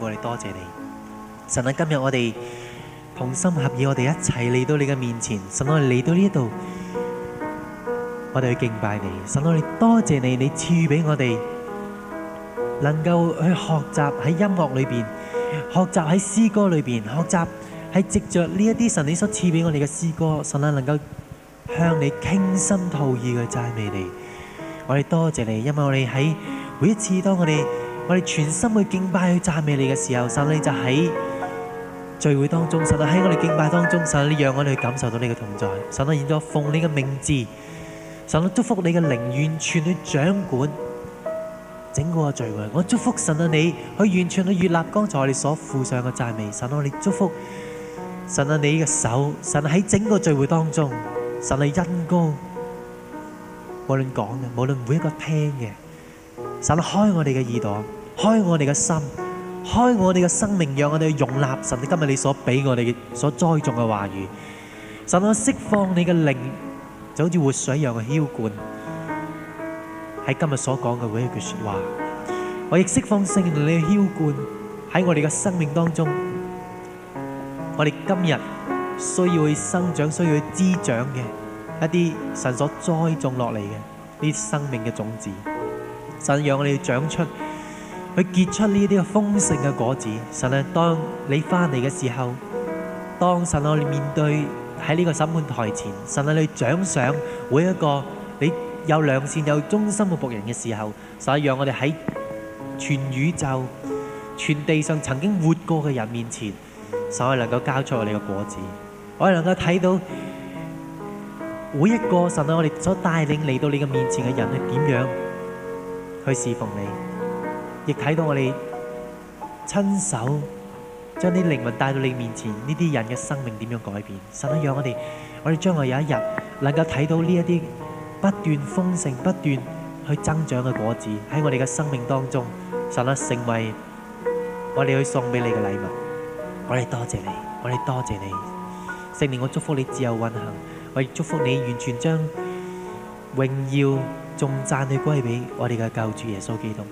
我哋多謝你，神啊！今日我哋同心合意，我哋一齊嚟到你嘅面前，神我哋嚟到呢一度，我哋去敬拜你，神我哋多謝你，你賜俾我哋能夠去學習喺音樂裏邊，學習喺詩歌裏邊，學習喺藉着呢一啲神你所賜俾我哋嘅詩歌，神啊！能夠向你傾心吐意去讚美你，我哋多謝你，因為我哋喺每一次當我哋，我哋全心去敬拜、去讚美你嘅時候，神你就喺聚會當中；神啊，喺我哋敬拜當中，神呢讓我哋感受到你嘅同在。神啊，願我奉你嘅名字，神啊祝福你嘅靈完全去掌管整個聚會。我祝福神啊，你去完全去悅納剛才我哋所附上嘅讚美。神啊，我哋祝福神啊，你嘅手，神喺整個聚會當中，神嘅恩膏無論講嘅，無論每一個聽嘅。神開我哋嘅耳朵，開我哋嘅心，開我哋嘅生命，讓我哋去容納神今日你所俾我哋嘅、所栽種嘅話語。神我釋放你嘅靈，就好似活水一樣嘅澆灌，喺今日所講嘅每一句說話，我亦釋放聖靈你嘅澆灌喺我哋嘅生命當中。我哋今日需要去生長，需要去滋長嘅一啲神所栽種落嚟嘅呢啲生命嘅種子。神讓我哋長出，去結出呢啲豐盛嘅果子。神啊，當你翻嚟嘅時候，當神我哋面對喺呢個審判台前，神啊，你掌上每一個你有良善有忠心嘅僕人嘅時候，神讓我哋喺全宇宙、全地上曾經活過嘅人面前，神能夠交出我哋嘅果子，我哋能夠睇到每一個神啊，我哋所帶領嚟到你嘅面前嘅人係點樣。去侍奉你，亦睇到我哋親手將啲靈魂帶到你面前，呢啲人嘅生命點樣改變。神啊，讓我哋，我哋將來有一日能夠睇到呢一啲不斷豐盛、不斷去增長嘅果子，喺我哋嘅生命當中，神啊，成為我哋去送俾你嘅禮物。我哋多謝你，我哋多謝你。聖靈，我祝福你自由運行，我祝福你完全將榮耀。共讚佢歸俾我哋嘅救主耶穌基督。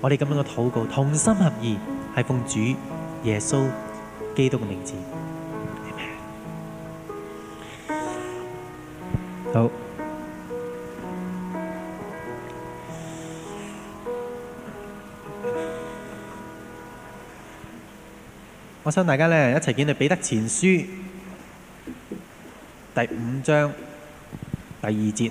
我哋咁樣嘅禱告，同心合意，係奉主耶穌基督嘅名字。好，我想大家咧一齊見到彼得前書第五章第二節。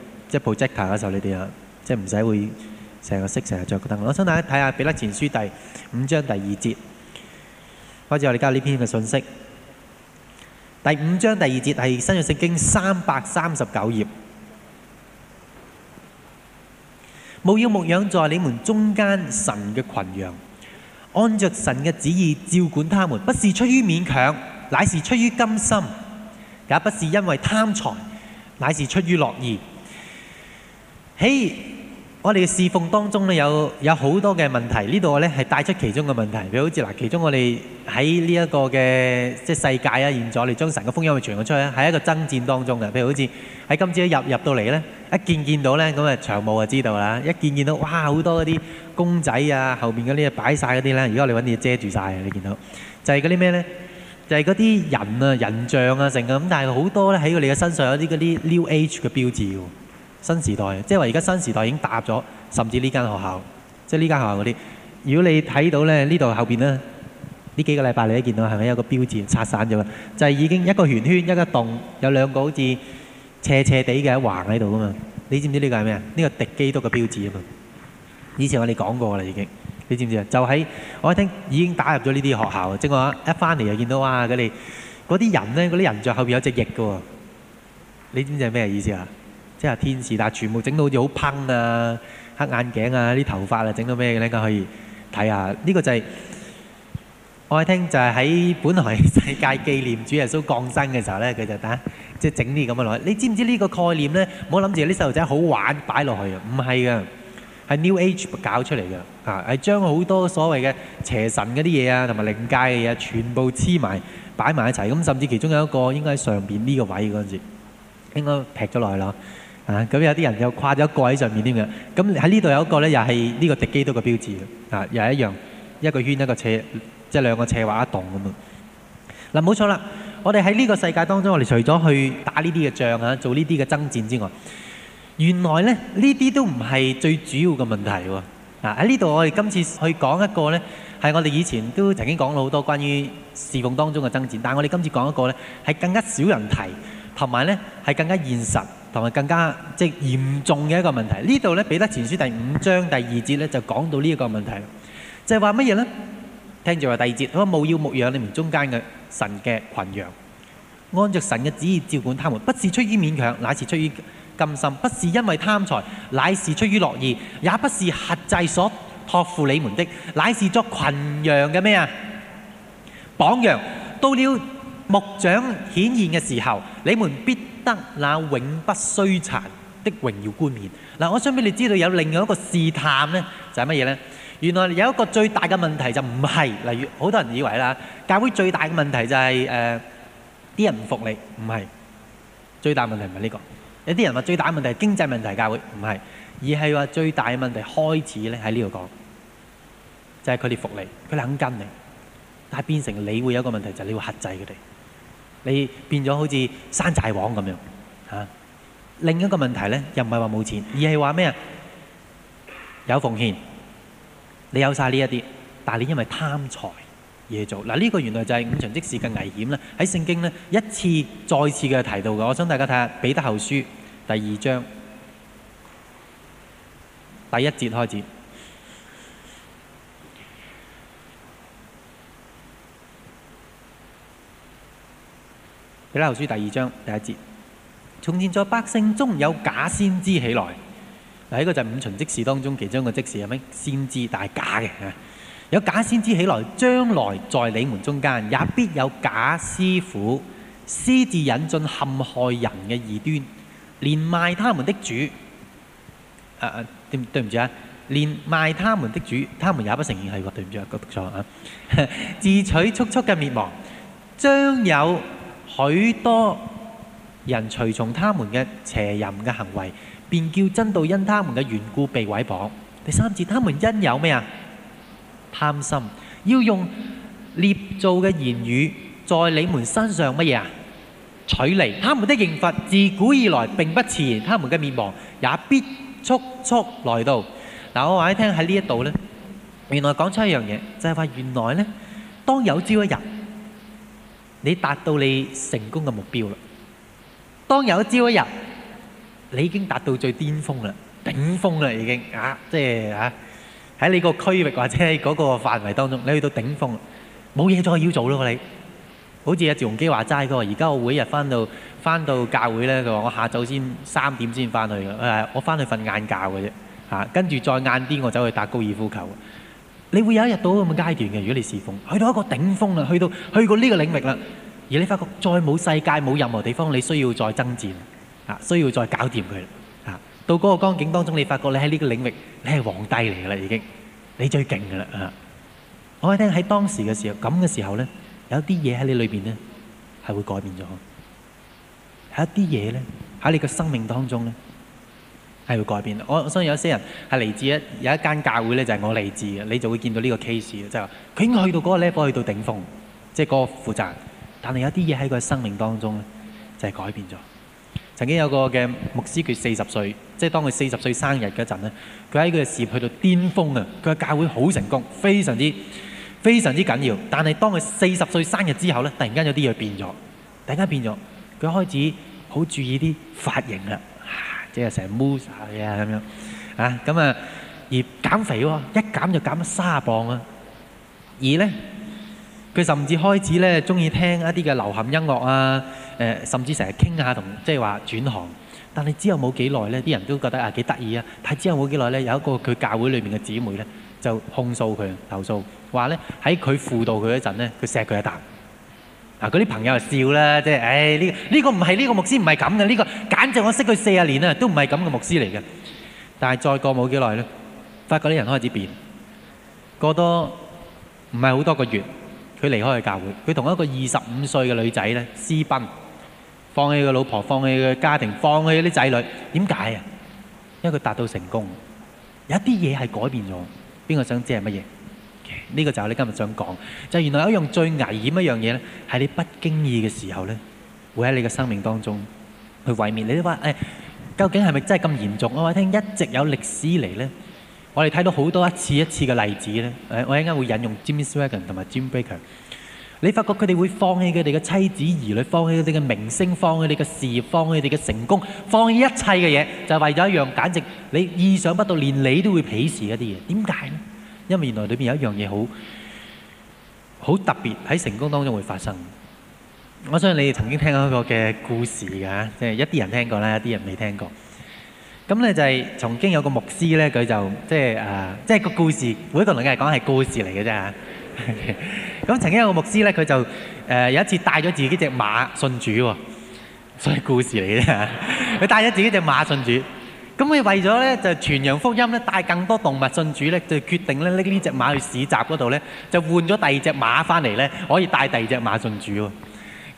即係 projector 嘅時候，你哋啊，即用唔使會成日熄成日着燈。我想大家睇下彼得前書第五章第二節，開始我哋交呢篇嘅信息。第五章第二節係新約聖經三百三十九頁。務要牧養在你們中間神嘅群羊，按着神嘅旨意照管他們，不是出於勉強，乃是出於甘心；也不是因為貪財，乃是出於樂意。喺我哋嘅侍奉當中咧，有有好多嘅問題。呢度我咧係帶出其中嘅問題。譬如好似嗱，其中我哋喺呢一個嘅即係世界啊，現在我哋將神嘅福音去傳咗出去，喺一個爭戰當中嘅。譬如好似喺今朝一入入到嚟咧，一見見到咧，咁啊長毛就知道啦。一見見到哇，好多嗰啲公仔啊，後邊嗰啲啊擺曬嗰啲啦。而家我哋揾啲嘢遮住曬，你見到就係嗰啲咩咧？就係嗰啲人啊、人像啊成咁。但係好多咧喺佢哋嘅身上有啲嗰啲 New Age 嘅標誌喎。新時代，即係話而家新時代已經打入咗，甚至呢間學校，即係呢間學校嗰啲。如果你睇到咧，這裡面呢度後邊咧，呢幾個禮拜你都見到係咪有個標誌拆散咗？就係、是、已經一個圓圈,圈，一個洞，有兩個好似斜斜地嘅橫喺度噶嘛。你知唔知呢個係咩啊？呢、這個敵基督嘅標誌啊嘛。以前我哋講過啦，已經。你知唔知啊？就喺我一聽已經打入咗呢啲學校，即係話一翻嚟就見到哇！佢哋嗰啲人咧，嗰啲人像後邊有隻翼嘅喎、哦。你知唔知係咩意思啊？即係天使，但係全部整到好似好噴啊、黑眼鏡啊、啲頭髮啊，整到咩嘅咧？咁可以睇下呢、呢個就係、係、我一聽就係喺本來世界紀念主耶穌降生嘅時候咧，佢就打即係整啲咁嘅落去。你知唔知呢個概念咧？唔好諗住啲細路仔好玩擺落去啊！唔係噶，係 New Age 搞出嚟㗎啊！係將好多所謂嘅邪神嗰啲嘢啊，同埋靈界嘅嘢全部黐埋擺埋一齊。咁甚至其中有一個應該喺上邊呢個位嗰陣時，應該劈咗落去啦。啊，咁有啲人又跨咗個喺上面添嘅。喺呢度有一個咧，又係呢個敵基督嘅標誌啊，又係一樣一個圈一個斜，即係兩個斜畫一棟咁啊。嗱，冇錯啦，我哋喺呢個世界當中，我哋除咗去打呢啲嘅仗啊，做呢啲嘅爭戰之外，原來咧呢啲都唔係最主要嘅問題喎、啊。啊喺呢度，我哋今次去講一個呢，係我哋以前都曾經講咗好多關於事奉當中嘅爭戰，但我哋今次講一個呢，係更加少人提，同埋呢係更加現實。同埋更加即係、就是、嚴重嘅一個問題，這呢度咧彼得前書第五章第二節咧就講到呢一個問題，就係話乜嘢咧？聽住話第二節，佢話務要牧養你們中間嘅神嘅群羊，按著神嘅旨意照管他們，不是出於勉強，乃是出於甘心；不是因為貪財，乃是出於樂意；也不是轄制所託付你們的，乃是作群羊嘅咩啊？榜樣，到了牧長顯現嘅時候，你們必得那永不衰殘的榮耀冠冕。嗱，我想俾你知道有另外一個試探呢，就係乜嘢呢？原來有一個最大嘅問題就唔係，例如好多人以為啦，教會最大嘅問題就係誒啲人唔服你，唔係，最大的問題唔係呢個。有啲人話最大嘅問題係經濟問題，教會唔係，而係話最大嘅問題開始呢。喺呢度講，就係佢哋服你，佢哋肯跟你，但係變成你會有一個問題，就係、是、你會克制佢哋。你變咗好似山寨王咁樣、啊、另一個問題呢，又唔係話冇錢，而係話咩？有奉獻，你有晒呢一啲，但你因為貪財而做嗱，呢、啊呢個原來就係五旬節事嘅危險啦。喺聖經咧，一次再次嘅提到嘅，我想大家睇下彼得後書第二章第一節開始。《彼得後書》第二章第一節：從前在百姓中有假先知起來，嗱，呢個就係五旬即士當中其中一個即士係咩？先知但係假嘅嚇。有假先知起來，將來在你們中間也必有假師傅，私自引進陷害人嘅異端，連賣他們的主。誒、呃、誒，對唔唔住啊？連賣他們的主，他們也不承認係喎。對唔住、啊，我讀錯啊！ 自取速速嘅滅亡，將有。許多人隨從他們嘅邪淫嘅行為，便叫真道因他們嘅緣故被毀謗。第三節，他們因有咩啊貪心，要用捏造嘅言語在你們身上乜嘢啊取利。他們的刑罰自古以來並不遲延，他們嘅滅亡也必速速來到。嗱，我話你聽，喺呢一度咧，原來講出一樣嘢，就係話原來咧，當有朝一日。你達到你成功嘅目標啦。當有朝一日你已經達到最巔峰啦，頂峰啦，已經啊，即係啊喺你個區域或者喺嗰個範圍當中，你去到頂峰啦，冇嘢再要做咯。你好似阿趙鏞基話齋嗰個，而家我每日翻到翻到教會咧，佢話我下晝先三點先翻去嘅、啊，我翻去瞓晏覺嘅啫。嚇、啊，跟住再晏啲，我走去打高爾夫球。你會有一日到咁嘅階段嘅，如果你侍奉去到一個頂峰啦，去到去過呢個領域啦。而你發覺再冇世界，冇任何地方你需要再爭戰啊，需要再搞掂佢啊！到嗰個光景當中，你發覺你喺呢個領域你係皇帝嚟噶啦，已經你最勁噶啦啊！我聽喺當時嘅時候，咁嘅時候咧，有啲嘢喺你裏邊咧係會改變咗，有一啲嘢咧喺你嘅生命當中咧係會改變。我我相信有些人係嚟自一有一間教會咧，就係我嚟自嘅，你就會見到呢個 case，就係話佢應該去到嗰個 level，去到頂峯，即係嗰個負責。但係有啲嘢喺佢生命當中咧，就係改變咗。曾經有個嘅牧師，佢四十歲，即係當佢四十歲生日嗰陣咧，佢喺佢嘅事業去到巔峯啊！佢嘅教會好成功，非常之非常之緊要。但係當佢四十歲生日之後咧，突然間有啲嘢變咗，突然間變咗，佢開始好注意啲髮型啦，即係成日 mustache 啊咁樣啊咁啊，而減肥喎，一減就減咗卅磅啊，而咧。佢甚至開始咧中意聽一啲嘅流行音樂啊！誒，甚至成日傾下同，即係話轉行。但係之後冇幾耐咧，啲人都覺得啊幾得意啊！但係之後冇幾耐咧，有一個佢教會裏邊嘅姊妹咧就控訴佢，投訴話咧喺佢輔導佢嗰陣咧，佢錫佢一啖。嗱，嗰啲朋友就笑啦，即係唉呢呢個唔係呢個牧師唔係咁嘅，呢個簡直我識佢四十年啦，都唔係咁嘅牧師嚟嘅。但係再過冇幾耐咧，發覺啲人開始變，過多唔係好多個月。佢離開嘅教會，佢同一個二十五歲嘅女仔咧私奔，放棄佢老婆，放棄佢家庭，放棄啲仔女，點解啊？因為佢達到成功，有一啲嘢係改變咗。邊個想知係乜嘢？呢、呢個就係你今日想講，就係、原來有一樣最危險的一樣嘢，係你不經意嘅時候咧，會喺你嘅生命當中去毀滅你。你都話誒，究竟係咪真係咁嚴重啊？我聽一直有歷史嚟咧。我哋睇到好多一次一次嘅例子，我我一陣會引用 Jimmy Swaggart 同埋 Jim Baker，你發覺佢哋會放棄佢哋嘅妻子兒女，放棄佢哋嘅明星，放棄佢哋嘅事業，放棄佢哋嘅成功，放棄一切嘅嘢，就係、是、為咗一樣，簡直你意想不到，連你都會鄙視一啲嘢。點解咧？因為原來裏面有一樣嘢好，好特別喺成功當中會發生。我相信你哋曾經聽過一個嘅故事㗎，即係一啲人聽過啦，一啲人未聽過。咁咧就係曾經有個牧師咧，佢就即係誒，即、就、係、是啊就是、個故事。每一個同你講係故事嚟嘅啫。咁 曾經有個牧師咧，佢就誒、呃、有一次帶咗自己隻馬信主喎，所以故事嚟嘅。佢 帶咗自己隻馬信主，咁佢為咗咧就傳揚福音咧，帶更多動物信主咧，就決定咧拎呢隻馬去市集嗰度咧，就換咗第二隻馬翻嚟咧，可以帶第二隻馬信主喎。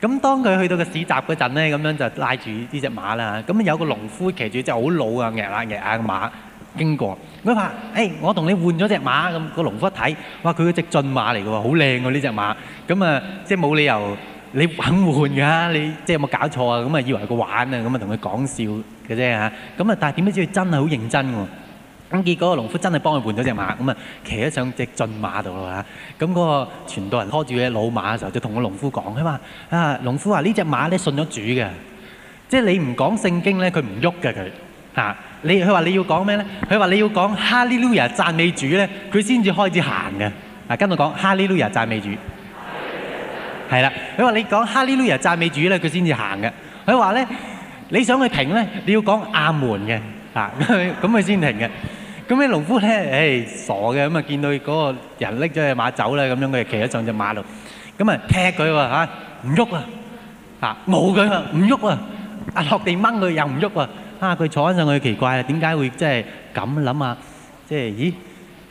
咁當佢去到個市集嗰陣咧，咁樣就拉住呢隻馬啦。咁啊有個農夫騎住隻好老啊，曳啊曳啊嘅馬經過，佢話，誒，我同你換咗隻馬。咁個農夫一睇，哇，佢嗰隻俊馬嚟嘅喎，好靚嘅呢隻馬。咁啊，即係冇理由你肯換㗎，你即係有冇搞錯啊？咁啊以為係個玩啊，咁啊同佢講笑嘅啫嚇。咁啊，但係點知佢真係好認真喎。咁結果個農夫真係幫佢換咗隻馬，咁啊騎咗上隻駿馬度啦嚇。咁嗰個傳道人拖住嘅老馬嘅時候就，就同個農夫講啊嘛，啊農夫話呢隻馬咧信咗主嘅，即係你唔講聖經咧，佢唔喐嘅佢嚇。你佢話你要講咩咧？佢話你要講哈利路亞讚美主咧，佢先至開始行嘅。啊，跟住講哈利路亞讚美主，係啦 Hallelujah.。佢話你講哈利路亞讚美主咧，佢先至行嘅。佢話咧，你想佢停咧，你要講阿門嘅嚇，咁佢先停嘅。咁咧，農夫咧，唉傻嘅。咁啊見到嗰個人拎咗隻馬走啦，咁樣佢就騎喺上隻馬度，咁啊踢佢喎嚇，唔喐啊，嚇冇佢啊，唔喐啊，啊落地掹佢又唔喐啊，啊佢坐喺上佢奇怪啊，點解會即係咁諗啊？即係咦，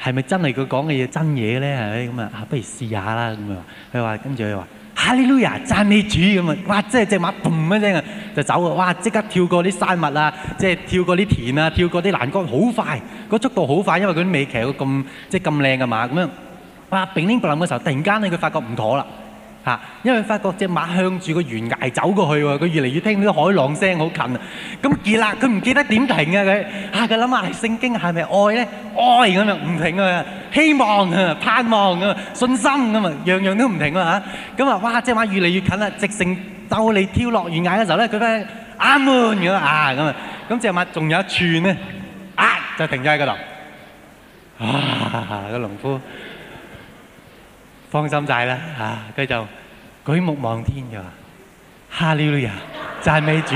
係咪真係佢講嘅嘢真嘢咧？係咪咁啊？啊不如試下啦咁樣，佢話跟住佢話。哈利路亞，讚美主咁啊！哇！即係隻馬嘣一聲啊，就走啊！哇！即刻跳過啲山脈啊，即係跳過啲田啊，跳過啲欄杆，好快！個速度好快，因為佢啲尾騎個咁即係咁靚嘅馬咁樣，哇！炳拎不楞嘅時候，突然間咧，佢發覺唔妥啦。嚇！因為發覺隻馬向住個懸崖走過去喎，佢越嚟越聽到海浪聲，好近啊！咁結啦，佢唔記得點停啊佢啊！佢諗下，聖經係咪愛咧？愛咁啊，唔停啊！希望啊，盼望啊，信心咁啊，樣樣都唔停啊！嚇！咁啊，哇！隻馬越嚟越近啦，直成兜嚟跳落懸崖嘅時候咧，佢都係阿門咁啊咁啊！咁隻馬仲有一串咧，啊就停咗喺嗰度。啊個農夫！放心曬啦，嚇！佢就舉目望天㗎，哈利路亞，讚美主。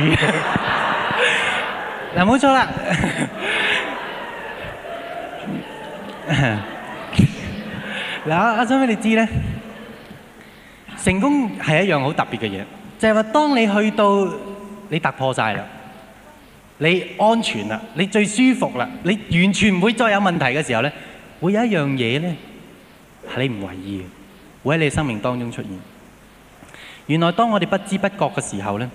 嗱，冇錯啦。嗱，阿叔你哋知咧，成功係一樣好特別嘅嘢，就係話當你去到你突破曬啦，你安全啦，你最舒服啦，你完全唔會再有問題嘅時候咧，會有一樣嘢咧係你唔為意嘅。會喺你生命當中出現，原來當我哋不知不覺嘅時候咧，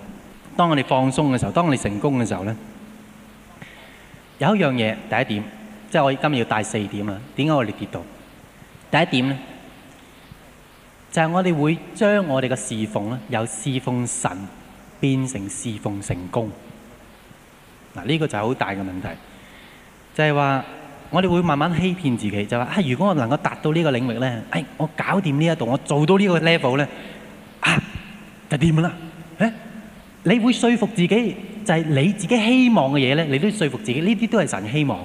當我哋放鬆嘅時候，當我哋成功嘅時候咧，有一樣嘢，第一點，即係我今日要帶四點啊。點解我哋跌到？第一點呢，就係我哋會將我哋嘅侍奉呢，由侍奉神變成侍奉成功。嗱，呢個就好大嘅問題，就係話。我哋會慢慢欺騙自己，就話啊。如果我能夠達到呢個領域咧，誒，我搞掂呢一度，我做到呢個 level 咧啊，就掂啦。誒，你會説服自己就係你自己希望嘅嘢咧，你都要説服自己。呢啲都係神希望，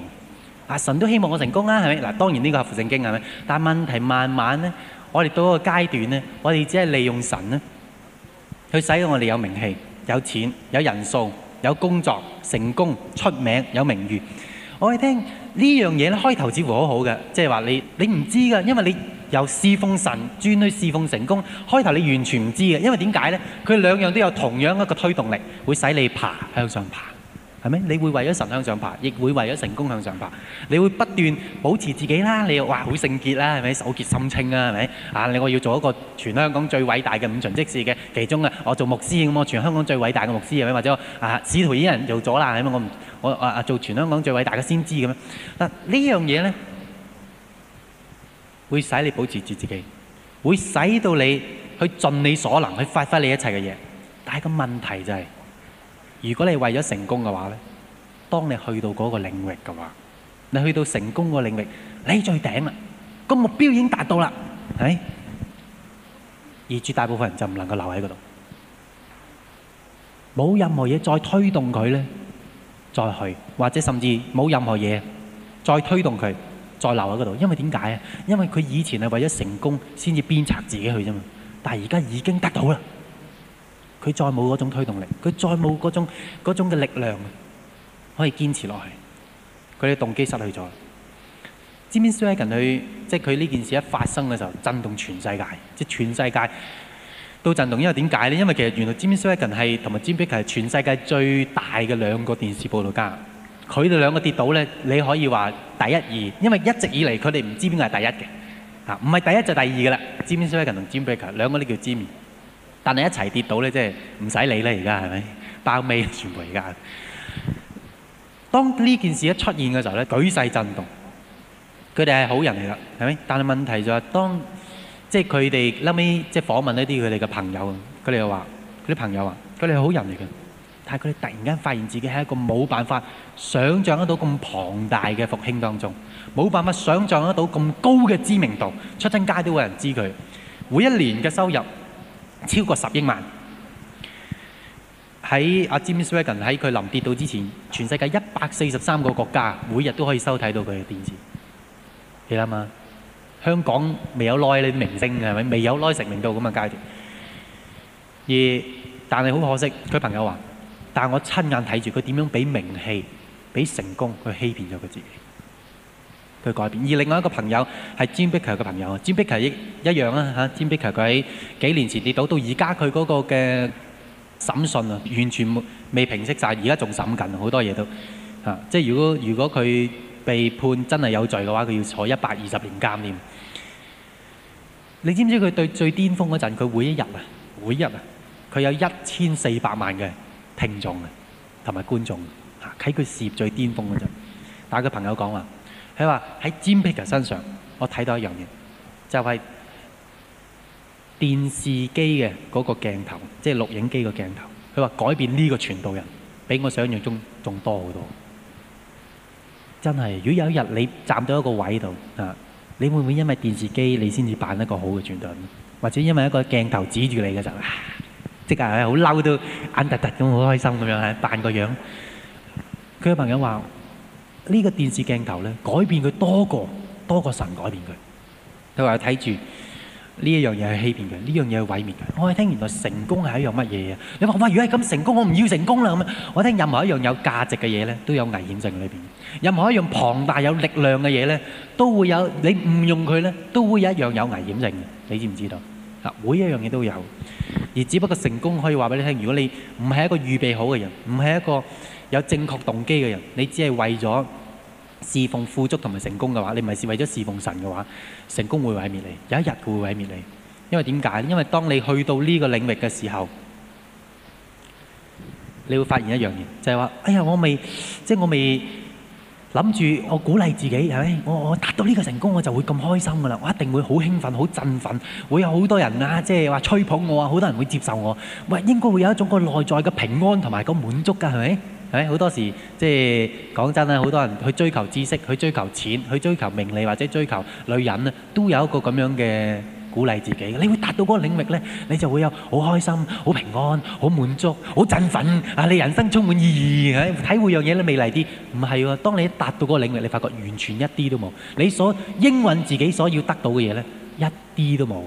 啊，神都希望我成功啦，係咪嗱？當然呢個合乎聖經係咪？但問題慢慢咧，我哋到嗰個階段咧，我哋只係利用神咧去使到我哋有名氣、有錢、有人數、有工作、成功、出名、有名譽。我哋聽。這呢樣嘢咧，開頭似乎很好好嘅，即係話你你唔知㗎，因為你由侍奉神轉去侍奉成功，開頭你完全唔知嘅，因為點解咧？佢兩樣都有同樣一個推動力，會使你爬向上爬，係咪？你會為咗神向上爬，亦會為咗成功向上爬。你會不斷保持自己啦，你又哇好聖潔啦，係咪？手潔心清啦，係咪？啊，你我要做一個全香港最偉大嘅五旬節事嘅，其中啊，我做牧師咁，我全香港最偉大嘅牧師係咪？或者我啊，使徒伊人做咗啦，係咪？我唔。我啊啊做全香港最偉大嘅先知咁樣，但呢樣嘢咧，會使你保持住自己，會使到你去盡你所能去發揮你一切嘅嘢。但係個問題就係，如果你為咗成功嘅話咧，當你去到嗰個領域嘅話，你去到成功個領域，你最頂啦，個目標已經達到啦，係。而絕大部分人就唔能夠留喺嗰度，冇任何嘢再推動佢咧。再去，或者甚至冇任何嘢，再推動佢，再留喺嗰度。因為點解啊？因為佢以前係為咗成功先至鞭策自己去啫嘛。但係而家已經得到啦，佢再冇嗰種推動力，佢再冇嗰種嗰種嘅力量，可以堅持落去。佢啲動機失去咗。James Strang 佢即係佢呢件事一發生嘅時候，震動全世界，即係全世界。到震動，因為點解咧？因為其實原來 Jim《Jimmy Sacken》係同埋《Jimmy Baker》係全世界最大嘅兩個電視報道家，佢哋兩個跌倒咧，你可以話第一二，因為一直以嚟佢哋唔知邊個係第一嘅，嚇唔係第一就係第二噶啦，《Jimmy Sacken》同《Jimmy Baker》兩個都叫 Jimmy，但係一齊跌倒咧，即係唔使理啦，而家係咪爆尾？全部而家。當呢件事一出現嘅時候咧，舉世震動，佢哋係好人嚟啦，係咪？但係問題就係、是、當。即係佢哋後尾即係訪問一啲佢哋嘅朋友，佢哋又話：佢啲朋友話，佢哋係好人嚟嘅，但係佢哋突然間發現自己喺一個冇辦法想像得到咁龐大嘅復興當中，冇辦法想像得到咁高嘅知名度，出親街都有人知佢。每一年嘅收入超過十億萬。喺阿 Jimmy Swaggart 喺佢臨跌到之前，全世界一百四十三個國家，每日都可以收睇到佢嘅電視。你諗下？香港未有耐呢明星嘅係咪？未有耐成名到咁嘅階段。而但係好可惜，佢朋友話：但係我親眼睇住佢點樣俾名氣、俾成功去欺騙咗佢自己，去改變。而另外一個朋友係詹碧琪嘅朋友啊，詹碧琪亦一樣啦嚇。詹碧琪佢喺幾年前跌倒，到而家佢嗰個嘅審訊啊，完全沒未平息晒，而家仲審緊好多嘢都嚇。即係如果如果佢。被判真係有罪嘅話，佢要坐一百二十年監添。你知唔知佢對最巔峰嗰陣，佢每一日啊，每一日啊，佢有一千四百萬嘅聽眾啊，同埋觀眾啊，喺佢事業最巔峰嗰陣。但係佢朋友講話，佢話喺詹皮特身上，我睇到一樣嘢，就係、是、電視機嘅嗰個鏡頭，即係錄影機個鏡頭。佢話改變呢個傳道人，比我想象中仲多好多。真係，如果有一日你站到一個位度啊，你會唔會因為電視機你先至扮一個好嘅傳導，或者因為一個鏡頭指住你嘅時候，即係好嬲到眼突突咁，好開心咁樣扮個樣？佢個朋友話：呢個電視鏡頭咧，改變佢多過多過神改變佢。佢話睇住。呢一樣嘢係欺騙嘅，呢樣嘢係毀滅嘅。我哋聽原來成功係一樣乜嘢啊？你話喂，如果係咁成功，我唔要成功啦咁啊！我聽任何一樣有價值嘅嘢咧，都有危險性喺裏邊。任何一樣龐大有力量嘅嘢咧，都會有，你誤用佢咧，都會有一樣有危險性嘅。你知唔知道？嗱，每一樣嘢都有，而只不過成功可以話俾你聽。如果你唔係一個預備好嘅人，唔係一個有正確動機嘅人，你只係為咗。侍奉富足同埋成功嘅話，你唔係為咗侍奉神嘅話，成功會毀滅你。有一日佢會毀滅你，因為點解？因為當你去到呢個領域嘅時候，你會發現一樣嘢，就係話：哎呀，我未即係我未諗住，我鼓勵自己係咪？我我達到呢個成功，我就會咁開心㗎喇，我一定會好興奮、好振奮，會有好多人啊，即係話吹捧我啊，好多人會接受我。喂，應該會有一種個內在嘅平安同埋個滿足㗎，係咪？好多時即係講真，好多人去追求知識，去追求錢，去追求名利，或者追求女人，都有一個這樣嘅鼓勵自己。你會達到嗰個領域呢，你就會有好開心、好平安、好滿足、好振奮啊！你人生充滿意義，誒，體會樣嘢都美麗啲。唔係喎，當你達到嗰個領域，你發覺完全一啲都冇，你所應允自己所要得到嘅嘢呢，一啲都冇。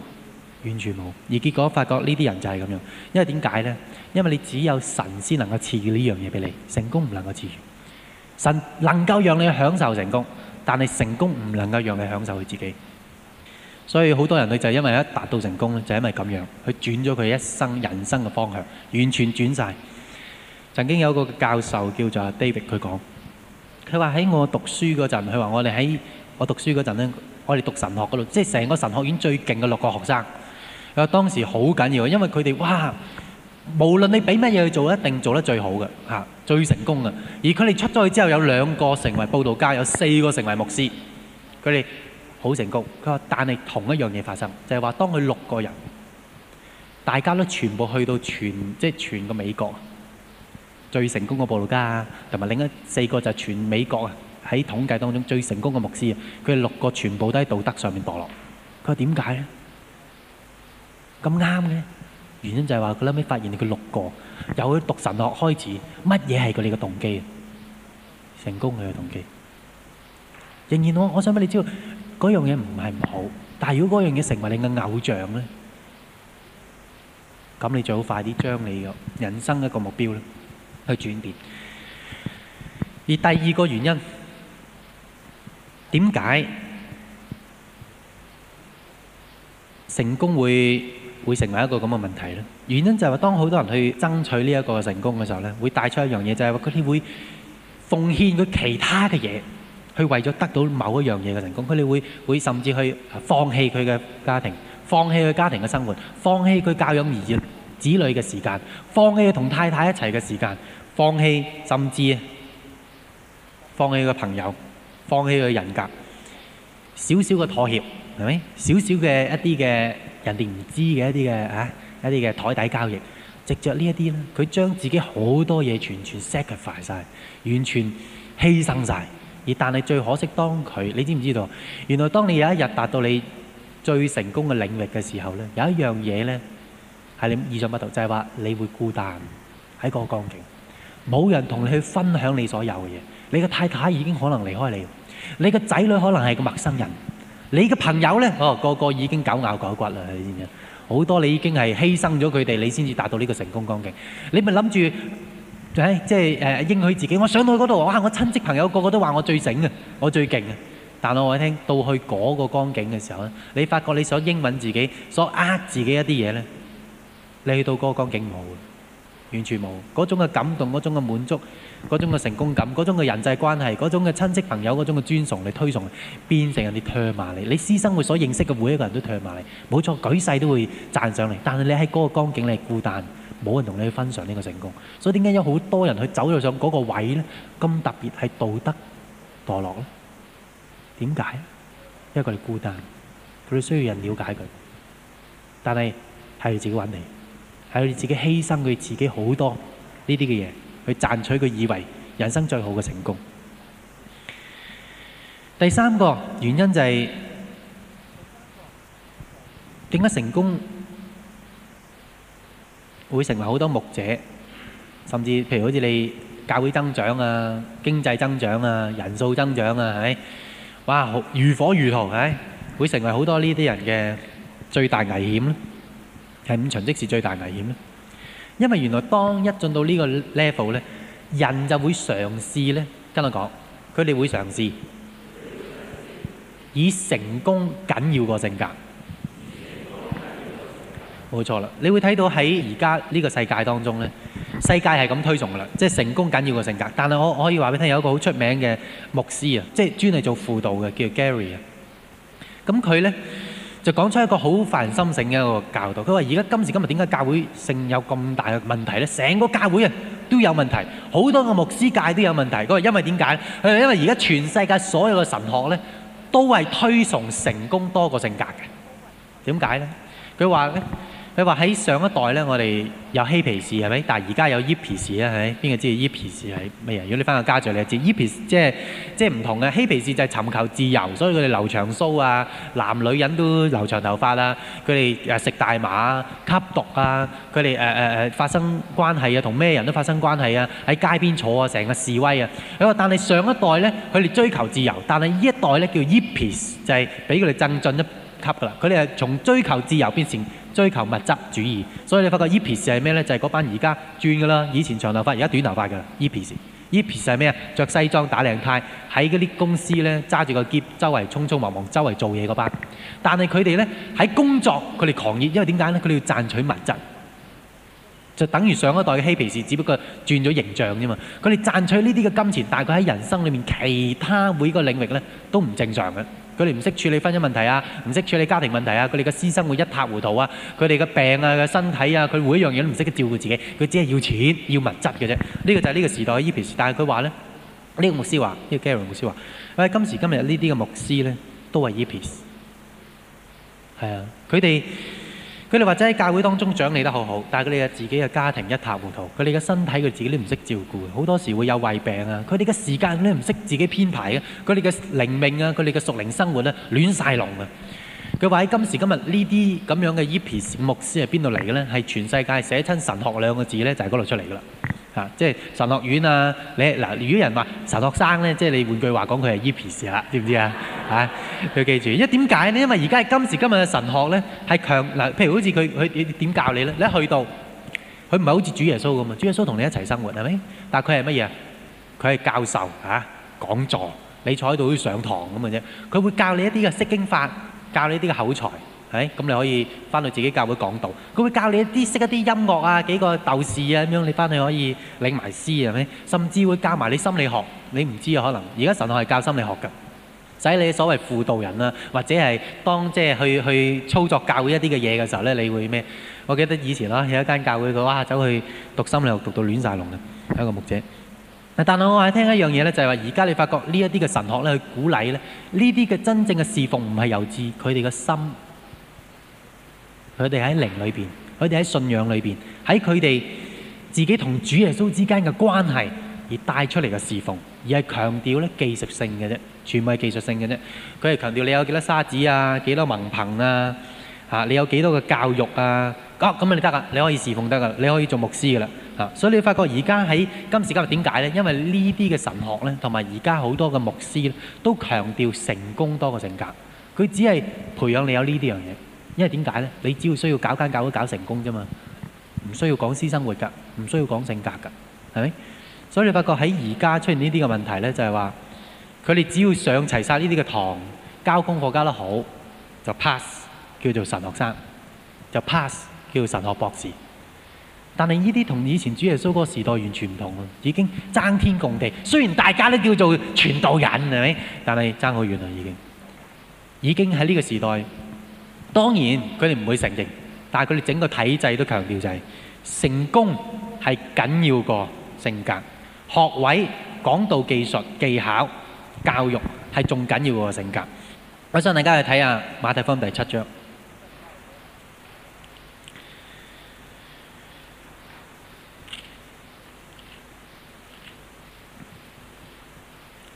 完全冇，而結果發覺呢啲人就係咁樣，因為點解咧？因為你只有神先能夠賜予呢樣嘢俾你，成功唔能夠賜予。神能夠讓你享受成功，但係成功唔能夠讓你享受佢自己。所以好多人佢就因為一達到成功咧，就因為咁樣，佢轉咗佢一生人生嘅方向，完全轉晒。曾經有個教授叫做 David，佢講：佢話喺我讀書嗰陣，佢話我哋喺我讀書嗰陣咧，我哋讀神學嗰度，即係成個神學院最勁嘅六個學生。佢話當時好緊要，因為佢哋哇，無論你俾乜嘢去做，一定做得最好嘅，最成功嘅。而佢哋出咗去之後，有兩個成為佈道家，有四個成為牧師，佢哋好成功。佢話，但係同一樣嘢發生，就係、是、話當佢六個人大家都全部去到全即係全個美國最成功嘅佈道家，同埋另一四個就係全美國在喺統計當中最成功嘅牧師，他佢哋六個全部都喺道德上面墮落。佢話點解呢？咁啱咧，原因就係話佢後尾發現佢六個由佢讀神學開始，乜嘢係佢哋嘅動機？成功係佢嘅動機。仍然我我想俾你知道，嗰樣嘢唔係唔好，但係如果嗰樣嘢成為你嘅偶像咧，咁你最好快啲將你嘅人生一個目標咧去轉變。而第二個原因，點解成功會？會成為一個咁嘅問題咧，原因就係話當好多人去爭取呢一個成功嘅時候咧，會帶出一樣嘢，就係佢哋會奉獻佢其他嘅嘢，去為咗得到某一樣嘢嘅成功，佢哋會會甚至去放棄佢嘅家庭，放棄佢家庭嘅生活，放棄佢教養兒子女嘅時間，放棄佢同太太一齊嘅時間，放棄甚至放棄佢朋友，放棄佢人格，少少嘅妥協係咪？少少嘅一啲嘅。人哋唔知嘅一啲嘅啊，一啲嘅台底交易，藉著呢一啲咧，佢將自己好多嘢全全 sacrifice 曬，完全犧牲晒。而但係最可惜，當佢，你知唔知道？原來當你有一日達到你最成功嘅領域嘅時候咧，有一樣嘢呢，係你意想不到，就係話你會孤單喺個光景，冇人同你去分享你所有嘅嘢。你嘅太太已經可能離開你，你嘅仔女可能係個陌生人。你嘅朋友咧，哦，個個已經狗咬狗骨啦，係咪先啊？好多你已經係犧牲咗佢哋，你先至達到呢個成功光景。你咪諗住，就係即係誒應許自己，我上到去嗰度，哇！我親戚朋友個個都話我最醒嘅，我最勁嘅。但我一聽到去嗰個光景嘅時候咧，你發覺你所應允自己、所呃自己一啲嘢咧，你去到嗰個光景冇嘅。完全冇嗰種嘅感動，嗰種嘅滿足，嗰種嘅成功感，嗰種嘅人際關係，嗰種嘅親戚朋友，嗰種嘅尊崇你推崇，變成人哋唾罵你。你私生活所認識嘅每一個人都唾罵你，冇錯，舉世都會讚賞你。但係你喺嗰個光景，你係孤單，冇人同你去分享呢個成功。所以點解有好多人去走咗上嗰個位呢？咁特別係道德墮落咧？點解？因為佢哋孤單，佢哋需要人瞭解佢，但係係自己揾嚟。係佢自己犧牲佢自己好多呢啲嘅嘢，去賺取佢以為人生最好嘅成功。第三個原因就係點解成功會成為好多牧者，甚至譬如好似你教會增長啊、經濟增長啊、人數增長啊，係？嘩，如火如荼，係？會成為好多呢啲人嘅最大危險。係五場即是最大危險咧，因為原來當一進到呢個 level 咧，人就會嘗試咧，跟我講，佢哋會嘗試以成功緊要個性格，冇錯啦。你會睇到喺而家呢個世界當中咧，世界係咁推崇噶啦，即係成功緊要個性格。但係我我可以話俾你聽，有一個好出名嘅牧師啊，即係專係做輔導嘅，叫 Gary 啊，咁佢咧。就講出一個好煩人心性嘅一個教導。佢話：而家今時今日點解教會性有咁大嘅問題咧？成個教會啊都有問題，好多個牧師界都有問題。佢話：因為點解？佢話：因為而家全世界所有嘅神學咧，都係推崇成功多過性格嘅。點解咧？佢話咧。你話喺上一代我哋有嬉皮士係咪？但係而家有 yippies 咧係咪？邊個知 yippies 係咩人？如果你翻到家敘，你就知 yippies 即係唔同嘅嬉皮士，就係尋求自由，所以佢哋留長鬚啊，男女人都留長頭髮啊，佢哋食大麻、吸毒啊，佢哋、呃呃、發生關係啊，同咩人都發生關係啊，喺街邊坐啊，成個示威啊。佢話，但係上一代呢，佢哋追求自由，但係呢一代呢，叫 yippies 就係俾佢哋進進一級㗎喇。佢哋係，從追求自由變成，追求物質主義，所以你發覺 Yuppie 是係咩呢？就係、是、嗰班而家轉㗎啦，以前長頭髮，而家短頭髮㗎啦。Yuppie，Yuppie 是什係咩啊？著西裝打領帶，喺嗰啲公司咧揸住個結，周圍匆匆忙忙，周圍做嘢嗰班。但係佢哋咧喺工作，佢哋狂熱，因為點解咧？佢哋要賺取物質，就等於上一代嘅嬉皮士，PC，只不過轉咗形象啫嘛。佢哋賺取呢啲嘅金錢，但係佢喺人生裏面其他每個領域咧，都唔正常嘅。佢哋唔識處理婚姻問題啊，唔識處理家庭問題啊，佢哋嘅私生活一塌糊塗啊，佢哋嘅病啊、嘅身體啊，佢每一樣嘢都唔識照顧自己，佢只係要錢、要物質嘅啫。呢、這個就係呢個時代 epis，但係佢話呢，呢、這個牧師話，呢、這個 Gary 牧師話、哎，今時今日呢啲嘅牧師呢，都係 epis，係啊，佢哋。佢哋或者喺教會當中獎勵得好好，但係佢哋嘅自己嘅家庭一塌糊塗，佢哋嘅身體佢自己都唔識照顧。好多時會有胃病啊，佢哋嘅時間佢唔識自己編排啊，佢哋嘅靈命啊，佢哋嘅屬靈生活咧亂晒龍啊。佢話喺今時今日呢啲咁樣嘅醫皮士牧師係邊度嚟嘅咧？係全世界寫親神學兩個字咧，就係嗰度出嚟嘅啦。啊！即係神學院啊！你嗱，如果人話神學生咧，即係你換句話講，佢係 Epic 啦，知唔知啊？啊！要記住，因為點解咧？因為而家係今時今日嘅神學咧，係強嗱。譬如好似佢佢點點教你咧？你一去到，佢唔係好似主耶穌咁啊！主耶穌同你一齊生活係咪？但係佢係乜嘢啊？佢係教授啊，講座。你坐喺度好似上堂咁嘅啫。佢會教你一啲嘅釋經法，教你一啲嘅口才。誒咁，哎、你可以翻去自己教會講道，佢會教你一啲識一啲音樂啊，幾個鬥士啊咁樣，你翻去可以領埋詩啊係咪？甚至會教埋你心理學，你唔知啊。可能而家神學係教心理學㗎，使你所謂輔導人啊，或者係當即係去去操作教會一啲嘅嘢嘅時候咧，你會咩？我記得以前啦，有一間教會嘅話走去讀心理學，讀到亂曬龍啦，一個牧者。但係我係聽一樣嘢咧，就係話而家你發覺呢一啲嘅神學咧去鼓勵咧，呢啲嘅真正嘅侍奉唔係由自，佢哋嘅心。佢哋喺靈裏邊，佢哋喺信仰裏邊，喺佢哋自己同主耶穌之間嘅關係而帶出嚟嘅侍奉，而係強調咧技術性嘅啫，全唔係技術性嘅啫。佢係強調你有幾多沙子啊，幾多文憑啊，吓你有幾多嘅教育啊，哦、啊、咁你得噶，你可以侍奉得噶，你可以做牧師噶啦，吓、啊、所以你發覺而家喺今時今日點解咧？因為呢啲嘅神學咧，同埋而家好多嘅牧師咧，都強調成功多過性格，佢只係培養你有呢啲樣嘢。因為點解呢？你只要需要搞間搞都搞成功啫嘛，唔需要講私生活噶，唔需要講性格噶，係咪？所以你發覺喺而家出現呢啲嘅問題呢，就係話佢哋只要上齊晒呢啲嘅堂，交功課交得好就 pass，叫做神學生，就 pass，叫做神學博士。但係呢啲同以前主耶穌個時代完全唔同啊，已經爭天共地。雖然大家都叫做傳道人，係咪？但係爭好遠啦，已經，已經喺呢個時代。當然，佢哋唔會承認，但係佢哋整個體制都強調就係成功係緊要過性格、學位、講道技術、技巧、教育係仲緊要過性格。我想大家去睇下馬太福音第七章，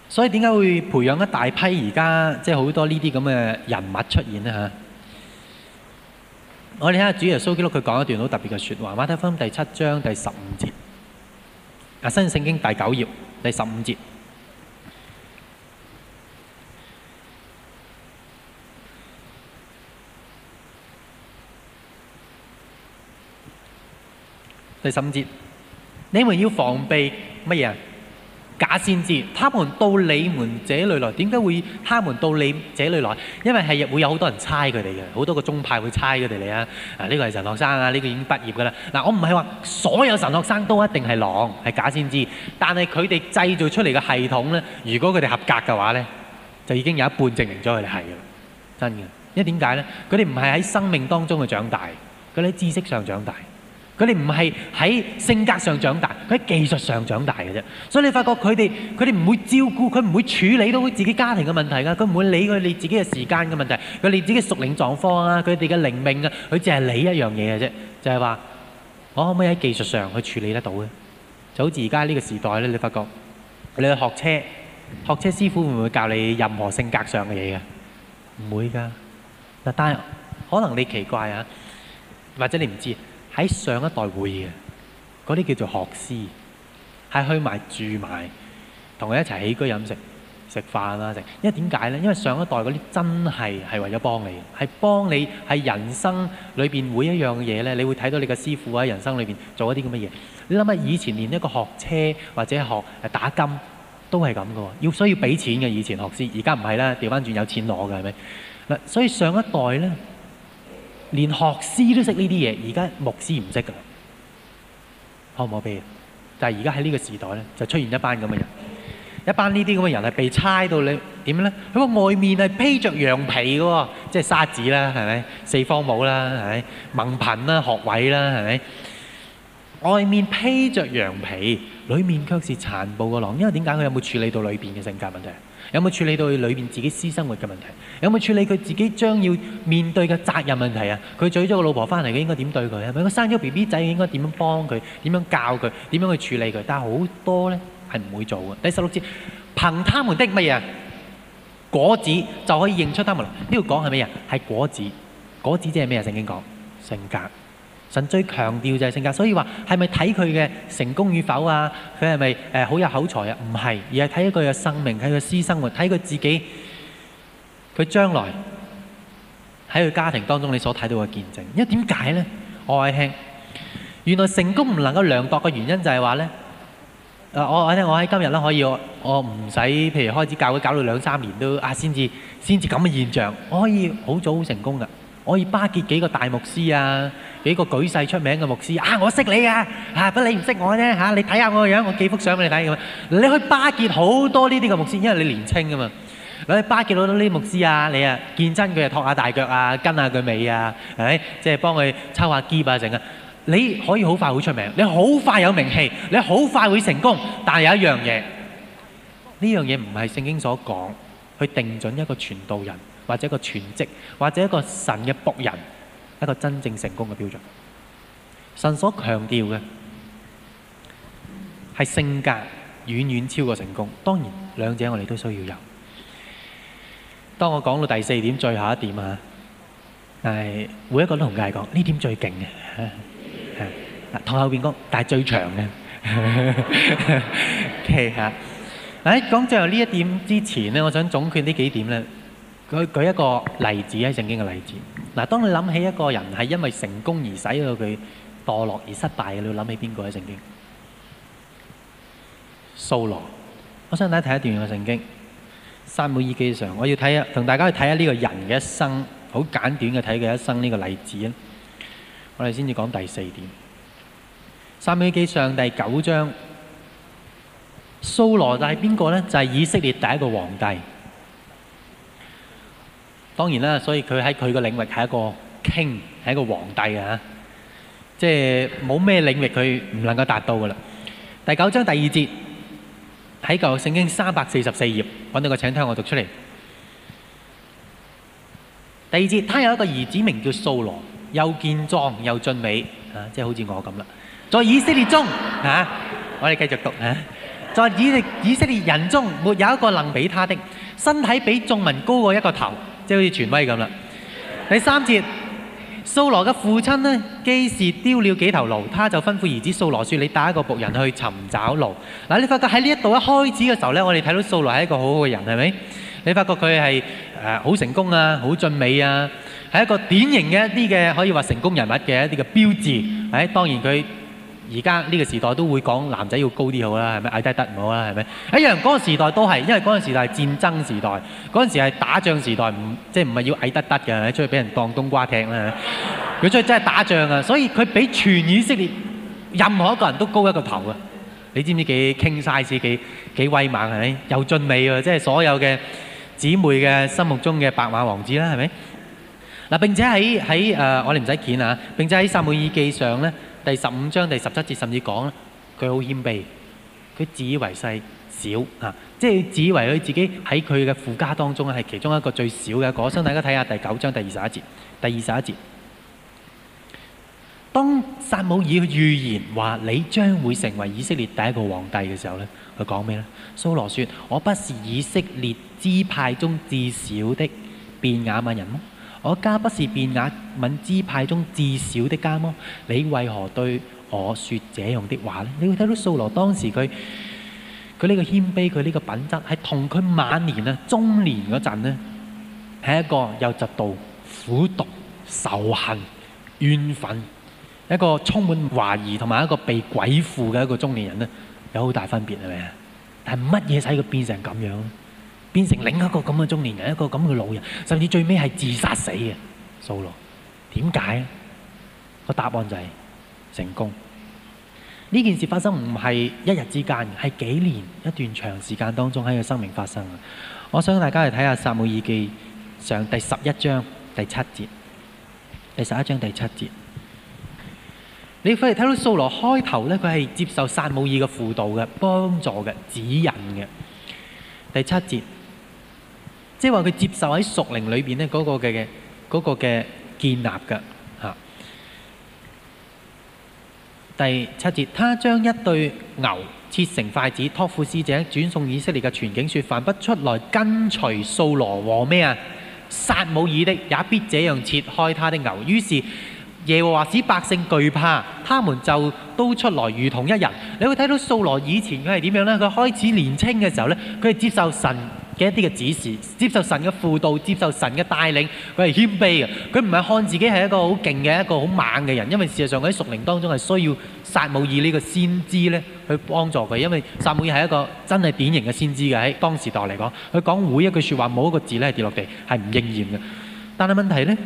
所以點解會培養一大批而家即係好多呢啲咁嘅人物出現咧嚇？我哋睇下主耶穌基督佢講一段好特別嘅說話，馬太福音第七章第十五節，啊，新聖經第九頁第十五節，第十五節，你們要防備乜嘢？假先知，他們到你們這裏來，點解會？他們到你這裏來，因為係會有好多人猜佢哋嘅，好多個宗派會猜佢哋嚟啊！啊，呢個係神學生啊，呢個已經畢業㗎啦。嗱，啊，我唔係話所有神學生都一定係狼係假先知，但係佢哋製造出嚟嘅系統咧，如果佢哋合格嘅話咧，就已經有一半證明咗佢哋係㗎啦，真嘅。因為點解咧？佢哋唔係喺生命當中去長大，佢哋喺知識上長大。佢哋唔係喺性格上長大，佢喺技術上長大嘅啫。所以你發覺佢哋，佢哋唔會照顧，佢唔會處理到自己家庭嘅問題噶，佢唔會理佢你自己嘅時間嘅問題，佢你自己，自己屬靈狀況啊，佢哋嘅靈命啊，佢淨係理一樣嘢嘅啫，就係話我可唔可以喺技術上去處理得到咧？就好似而家呢個時代咧，你發覺你去學車，學車師傅會唔會教你任何性格上嘅嘢嘅？唔會噶。嗱，但係可能你奇怪啊，或者你唔知。喺上一代會嘅，嗰啲叫做學師，係去埋住埋，同佢一齊起，起居飲食，食飯啊。食。因為點解呢？因為上一代嗰啲真係係為咗幫你，係幫你係人生裏邊每一樣嘢呢，你會睇到你嘅師傅喺人生裏邊做一啲咁嘅嘢。你諗下，以前連一個學車或者學打金都係咁嘅，要需要俾錢嘅。以前學師，而家唔係啦，調翻轉有錢攞嘅係咪？所以上一代呢。連學師都識呢啲嘢，而家牧師唔識噶啦，可唔可悲？但係而家喺呢個時代咧，就出現一班咁嘅人，一班呢啲咁嘅人係被猜到你點咧？佢話外面係披着羊皮嘅喎，即係沙子啦，係咪？四方帽啦，係咪？文憑啦，學位啦，係咪？外面披着羊皮，裡面卻是殘暴嘅狼。因為點解佢有冇處理到裏邊嘅性格問題？有冇處理到佢裏面自己私生活嘅問題？有冇處理佢自己將要面對嘅責任問題啊？佢娶咗個老婆翻嚟，佢應該點對佢？係咪？佢生咗 BB 仔，應該點樣幫佢？點樣教佢？點樣去處理佢？但係好多咧係唔會做嘅。第十六節，憑他們的乜嘢果子就可以認出他們嚟？呢度講係乜嘢？係果子，果子即係咩啊？聖經講性格。神最強調就係性格，所以話係咪睇佢嘅成功與否啊？佢係咪誒好有口才啊？唔係，而係睇佢嘅生命，睇佢私生活，睇佢自己，佢將來喺佢家庭當中你所睇到嘅見證。因為點解咧，我愛卿原來成功唔能夠量度嘅原因就係話咧，我我咧我喺今日咧可以，我我唔使譬如開始教會搞到兩三年都啊，先至先至咁嘅現象，我可以好早成功㗎。我可以巴結幾個大牧師啊，幾個舉世出名嘅牧師啊，我識你啊，嚇不過你唔識我啫嚇？你睇下我個樣，我幾幅相俾你睇咁。你可以巴結好多呢啲嘅牧師，因為你年輕㗎嘛。你可以巴結到到呢啲牧師啊，你啊見真佢啊托下大腳啊，跟下佢尾啊，係咪？即係幫佢抽下篋啊，整啊。你可以好快會出名，你好快有名氣，你好快會成功。但係有一樣嘢，呢樣嘢唔係聖經所講去定準一個傳道人，或者一個全職，或者一個神嘅僕人，一個真正成功嘅標準。神所強調嘅係性格，遠遠超過成功。當然，兩者我哋都需要有。當我講到第四點，最後一點啊，係每一個都同大家講呢點最勁嘅，係啊，同後邊講，但係最長嘅。OK 哈，喺講最後呢一點之前呢，我想總結呢幾點咧。佢舉一個例子喺聖經嘅例子。當當你諗起一個人係因為成功而使到佢墮落而失敗嘅，你要諗起邊個喺聖經？蘇羅，我想睇睇一段嘅聖經《撒母耳記上》。我要睇同大家去睇下呢個人嘅一生，好簡短嘅睇佢一生呢個例子。我哋先至講第四點，《撒母耳記上》第九章。蘇羅就係邊個呢？就係、是、以色列第一個皇帝。當然啦，所以佢喺佢個領域係一個 king，係一個皇帝嘅，啊，即係冇咩領域佢唔能夠達到嘅啦。第九章第二節喺舊聖經三百四十四頁揾到個，請聽我讀出嚟。第二節，他有一個兒子名叫掃羅，又健壯又俊美嚇，啊，即係好似我咁啦。在以色列中嚇，啊，我哋繼續讀啊，在以以色列人中，沒有一個能比他的身體比眾民高過一個頭。即係好似權威咁啦。第三節，掃羅嘅父親呢，基士丟了幾頭驢，他就吩咐兒子掃羅説：你帶一個僕人去尋找驢。嗱，你發覺喺呢一度一開始嘅時候呢，我哋睇到掃羅係一個好好嘅人，係咪？你發覺佢係誒，好成功啊，好俊美啊，係一個典型嘅一啲嘅可以話成功人物嘅一啲嘅標誌。誒，當然佢。而家呢個時代都會講男仔要高啲好啦，係咪矮低得唔好啦，係咪一樣？嗰個時代都係，因為嗰陣時代係戰爭時代，嗰陣時係打仗時代，唔即係唔係要矮低得㗎，出去俾人當冬瓜踢啦。佢出去真係打仗啊，所以佢比全以色列任何一個人都高一個頭啊！你知唔知幾 king size 幾幾威猛係咪？又俊美喎，即係所有嘅姊妹嘅心目中嘅白馬王子啦，係咪？嗱，並且喺喺誒，我哋唔使見啊，並且喺撒母耳記上咧。第十五章第十七節甚至講佢好謙卑，佢自以為細小，啊、即係自以為佢自己喺佢嘅父家當中係其中一個最少嘅。我想大家睇下第九章第二十一節，第二十一節，當撒母耳預言話你將會成為以色列第一個皇帝嘅時候咧，佢講咩呢？蘇羅說：我不是以色列支派中至小的便雅憫人麼？我家不是便雅憫支派中至少的家麼？你為何對我說這樣的話呢？你會睇到素羅當時佢佢呢個謙卑，佢呢個品質係同佢晚年咧、中年嗰陣咧，係一個又嫉妒、苦毒、仇恨、怨憤，一個充滿懷疑同埋一個被鬼附嘅一個中年人呢，有好大分別係咪？但係乜嘢使佢變成咁樣？變成另一個咁嘅中年人，一個咁嘅老人，甚至最尾係自殺死嘅掃羅。點解？個答案就係成功。呢件事發生唔係一日之間，係幾年一段長時間當中喺佢生命發生。我想大家去睇下《撒母耳記》上第十一章第七節。第十一章第七節，你反而睇到掃羅開頭咧，佢係接受撒母耳嘅輔導嘅、幫助嘅、指引嘅。第七節。即係話佢接受喺屬靈裏邊咧嗰個嘅嘅嗰個嘅建立嘅嚇、啊。第七節，他將一對牛切成塊子，託付使者轉送以色列嘅全境，説：凡不出來跟隨掃羅和咩啊撒母耳的，也必這樣切開他的牛。於是耶和華使百姓懼怕，他們就都出來如同一人。你會睇到掃羅以前佢係點樣呢？佢開始年青嘅時候呢，佢係接受神。嘅一啲嘅指示，接受神嘅輔導，接受神嘅帶領，佢係謙卑嘅。佢唔係看自己係一個好勁嘅，一個好猛嘅人，因為事實上佢喺屬靈當中係需要撒母耳呢個先知咧去幫助佢，因為撒母耳係一個真係典型嘅先知嘅喺當時代嚟講。佢講每一句説話冇一個字咧跌落地，係唔應驗嘅。但係問題咧，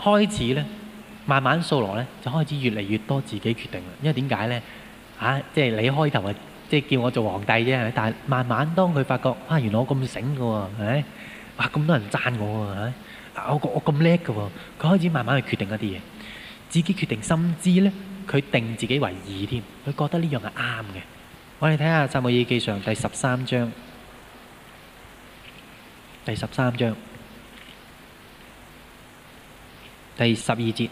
開始咧，慢慢掃羅咧就開始越嚟越多自己決定啦，因為點解咧？啊，即係你開頭啊！即係叫我做皇帝啫，但係慢慢當佢發覺，啊，原來我咁醒㗎喎，係咪？哇，咁多人讚我喎，係咪？我我咁叻㗎喎，佢開始慢慢去決定一啲嘢，自己決定甚至呢，佢定自己為義添，佢覺得呢樣係啱嘅。我哋睇下《撒母耳記上》第十三章，第十三章，第十二節。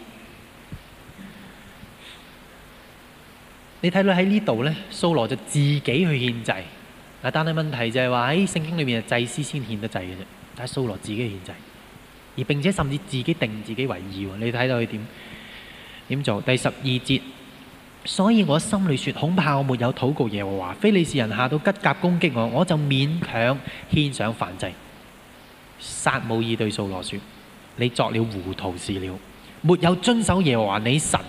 你睇到喺呢度呢，蘇羅就自己去獻祭。但係問題就係話喺聖經裏面，祭司先獻得祭嘅啫。但係蘇羅自己獻祭，而並且甚至自己定自己為義喎。你睇到佢點點做？第十二節，所以我心裏說，恐怕我沒有禱告耶和華。非利士人下到吉甲攻擊我，我就勉強獻上燔祭。撒母耳對蘇羅説：你作了糊塗事了，沒有遵守耶和華你神。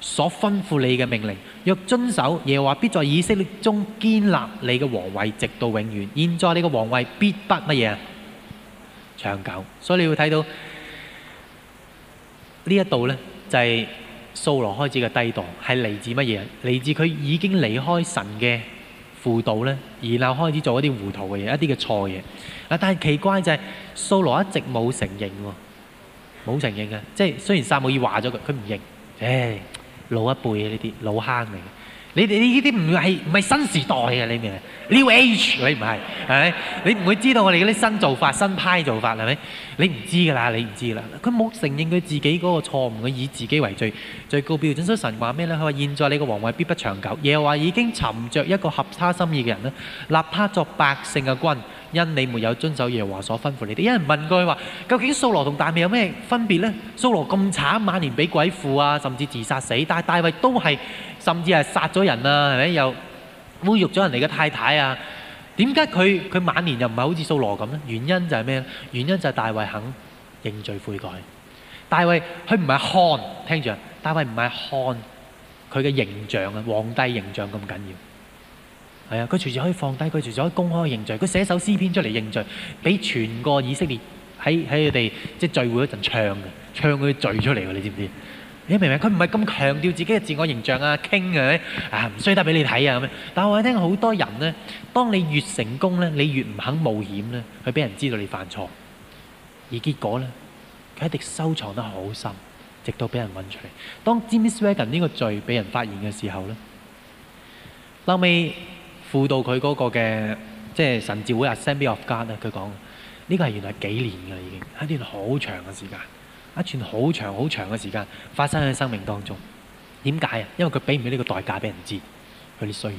所吩咐你嘅命令，若遵守，耶和華必在以色列中堅立你嘅王位，直到永遠。現在你嘅王位必不乜嘢長久。所以你會睇到呢一度呢，就係掃羅開始嘅低度，係嚟自乜嘢？嚟自佢已經離開神嘅輔導呢，然後開始做一啲糊塗嘅嘢，一啲嘅錯嘢。但係奇怪就係掃羅一直冇承認，冇承認啊！即係雖然撒母耳話咗佢，佢唔認，唉、哎。老一輩嘅呢啲老坑嚟嘅，你哋呢啲唔係唔係新時代嘅，你明唔明？New Age 你唔係係咪？你唔會知道我哋嗰啲新做法、新派做法係咪？你唔知㗎啦，你唔知㗎啦。佢冇承認佢自己嗰個錯誤，佢以自己為最最高標準。所以神話咩咧？佢話現在你個王位必不長久，耶和華已經尋着一個合他心意嘅人啦，立他作百姓嘅君。因你沒有遵守耶和華所吩咐你的。有人問過佢話，究竟掃羅同大衛有咩分別呢？掃羅咁慘，晚年俾鬼附啊，甚至自殺死。但係大衛都係，甚至係殺咗人啊，係咪又侮辱咗人哋嘅太太啊？點解佢佢晚年又唔係好似掃羅咁呢？原因就係咩呢？原因就係大衛肯認罪悔改。大衛佢唔係看，聽住啊，大衛唔係看佢嘅形象啊，皇帝形象咁緊要。係啊，佢隨時可以放低，佢隨時可以公開認罪。佢寫首詩篇出嚟認罪，俾全個以色列喺喺佢哋即係聚會嗰陣唱嘅，唱嗰啲罪出嚟喎，你知唔知？你明唔明？佢唔係咁強調自己嘅自我形象、King、啊，傾、啊、嘅，不給啊唔衰得俾你睇啊咁樣。但係我聽好多人呢，當你越成功呢，你越唔肯冒險呢，去俾人知道你犯錯。而結果呢，佢一定收藏得好深，直到俾人揾出嚟。當 James Swaggart 呢個罪俾人發現嘅時候呢。劉美。到到佢嗰個嘅，即係神召會，Assembly of God 啦。佢講：呢個係原來係幾年㗎啦，已經一段好長嘅時間，一段好長好長嘅時間發生喺生命當中。點解啊？因為佢俾唔到呢個代價俾人知，佢啲衰嘢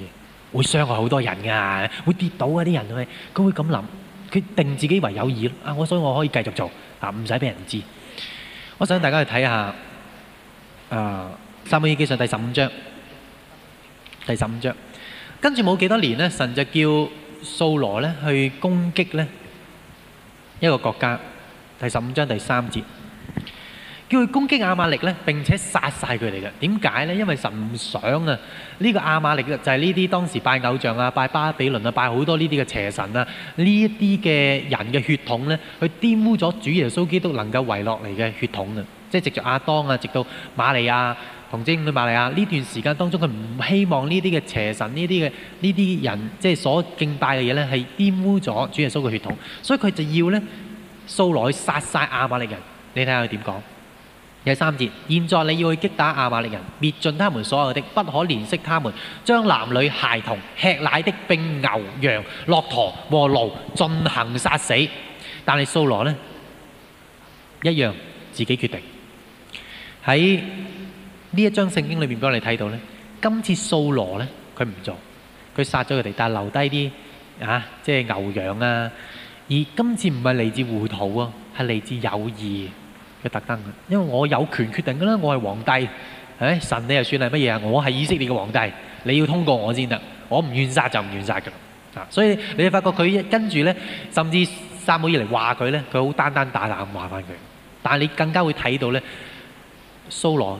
會傷害好多人㗎、啊，會跌倒啊啲人佢會咁諗，佢定自己為有意啊，我所以我可以繼續做啊，唔使俾人知。我想大家去睇下《啊撒母耳記上》第十五章，第十五章。跟住冇幾多年咧，神就叫掃羅咧去攻擊咧一個國家，第十五章第三節，叫佢攻擊亞瑪力咧，並且殺晒佢哋嘅。點解咧？因為神唔想啊，呢個亞瑪力就係呢啲當時拜偶像啊、拜巴比倫啊、拜好多呢啲嘅邪神啊，呢一啲嘅人嘅血統咧，去玷污咗主耶穌基督能夠遺落嚟嘅血統啊，即係直着亞當啊，直到瑪利亞。童貞女馬利亞呢段時間當中，佢唔希望呢啲嘅邪神、呢啲嘅呢啲人，即係所敬拜嘅嘢咧，係玷污咗主耶穌嘅血統，所以佢就要咧，掃羅去殺曬亞瑪力人。你睇下佢點講？第三節，現在你要去擊打亞瑪力人，滅盡他們所有的，不可憐惜他們，將男女孩童吃奶的並牛羊、駱駝和驢進行殺死。但係掃羅咧一樣自己決定喺。呢一章聖經裏面畀我哋睇到呢，今次掃羅呢，佢唔做，佢殺咗佢哋，但係留低啲啊，即係牛羊啊。而今次唔係嚟自糊塗啊，係嚟自有意佢特登嘅，因為我有權決定㗎啦，我係皇帝，誒、哎、神你又算係乜嘢啊？我係以色列嘅皇帝，你要通過我先得，我唔願殺就唔願殺㗎啦。啊，所以你發覺佢跟住呢，甚至撒母耳嚟話佢呢，佢好單單打打咁話翻佢。但係你更加會睇到呢，掃羅。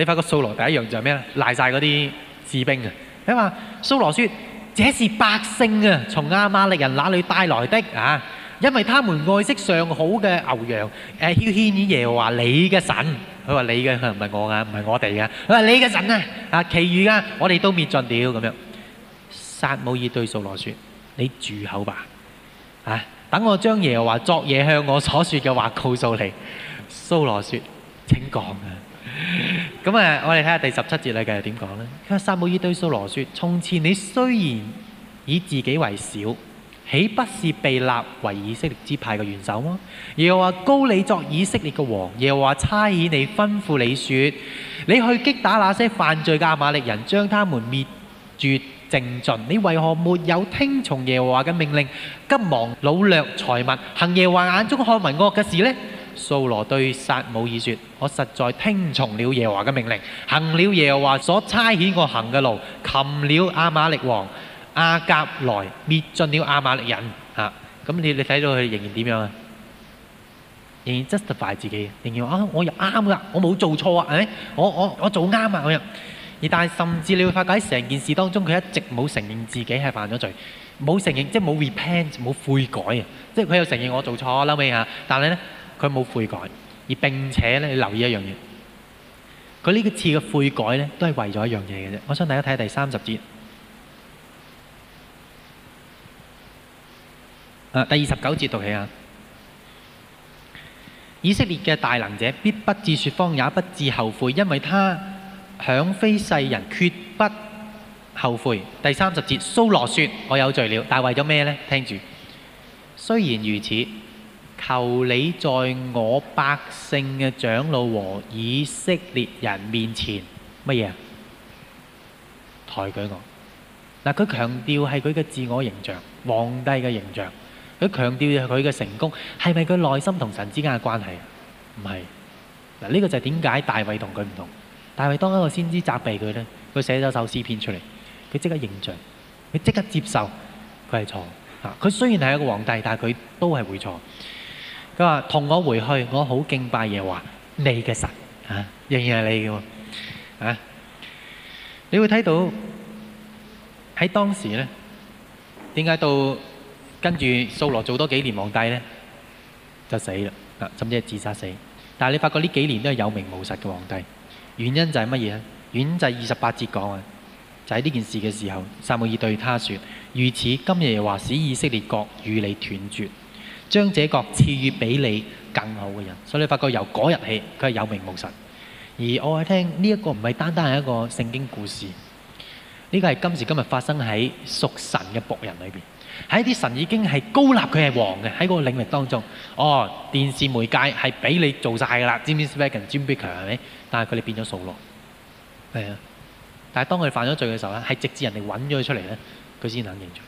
你發覺蘇羅第一樣就係咩咧？賴晒嗰啲士兵啊！你話蘇羅說：這是百姓啊，從亞瑪力人那裡帶來的啊，因為他們愛惜上好嘅牛羊。誒，耶和華話：你嘅神，佢話你嘅，唔係我啊，唔係我哋嘅。佢話你嘅神啊，啊，其餘啊，我哋都滅盡了。咁樣，撒母耳對蘇羅說：你住口吧，啊，等我將耶和華昨夜向我所說嘅話告訴你。蘇羅說：請講啊！咁啊， 我哋睇下第十七節，你繼續點講呢？「佢話撒母耳對掃羅說：從前你雖然以自己為小，豈不是被立為以色列支派嘅元首嗎？又話高你作以色列嘅王，又話差遣你吩咐你說：你去擊打那些犯罪嘅亞瑪力人，將他們滅絕淨盡。你為何沒有聽從耶和華嘅命令，急忙擄掠財物，行耶和華眼中看為惡嘅事呢？掃羅對撒母耳說，我實在聽從了耶和華嘅命令，行了耶和華所差遣我行嘅路，擒了亞瑪力王亞甲來，滅盡了亞瑪力人。吓咁，你你睇到佢仍然點樣啊？仍然 justify 自己，仍然啊，我又啱噶，我冇做錯啊，誒，我我我做啱啊咁樣。而但係，甚至你會發覺喺成件事當中，佢一直冇承認自己係犯咗罪，冇承認即係冇 repent 冇悔改啊，即係佢又承認我做錯啦，咩啊？但係呢。佢冇悔改，而並且咧，你留意一樣嘢，佢呢一次嘅悔改咧，都係為咗一樣嘢嘅啫。我想大家睇第三十節，啊，第二十九節讀起啊，以色列嘅大能者必不致説謊，也不致後悔，因為他響非世人，決不後悔。第三十節，掃羅説：我有罪了，但係為咗咩呢？聽住，雖然如此。求你在我百姓嘅長老和以色列人面前，乜嘢？抬舉我。嗱，佢強調係佢嘅自我形象，皇帝嘅形象。佢強調係佢嘅成功，係咪佢內心同神之間嘅關係？唔係。嗱，呢個就係點解大衛同佢唔同？大衛當一個先知責備佢呢，佢寫咗首詩篇出嚟，佢即刻認賬，佢即刻接受，佢係錯。吓，佢雖然係一個皇帝，但係佢都係會錯。佢話同我回去，我好敬拜耶華，你嘅神啊，仍然係你嘅喎啊！你會睇到喺當時呢，點解到跟住掃羅做多幾年皇帝呢？就死啦，甚至係自殺死。但係你發覺呢幾年都係有名無實嘅皇帝，原因就係乜嘢咧？原因就係二十八節講啊，就喺呢件事嘅時候，撒母耳對他説：如此，今日耶華使以色列國與你斷絕。將這個賜予比你更好嘅人，所以你發覺由嗰日起佢係有名無實。而我係聽呢一個唔係單單係一個聖經故事，呢個係今時今日發生喺屬神嘅僕人裏邊，喺啲神已經係高立佢係王嘅喺個領域當中。哦，電視媒介係俾你做曬㗎啦，Jimmy Swaggart、Jimmy Bakker 係咪？但係佢哋變咗數咯。係啊，但係當佢犯咗罪嘅時候咧，係直至人哋揾咗佢出嚟咧，佢先肯認罪。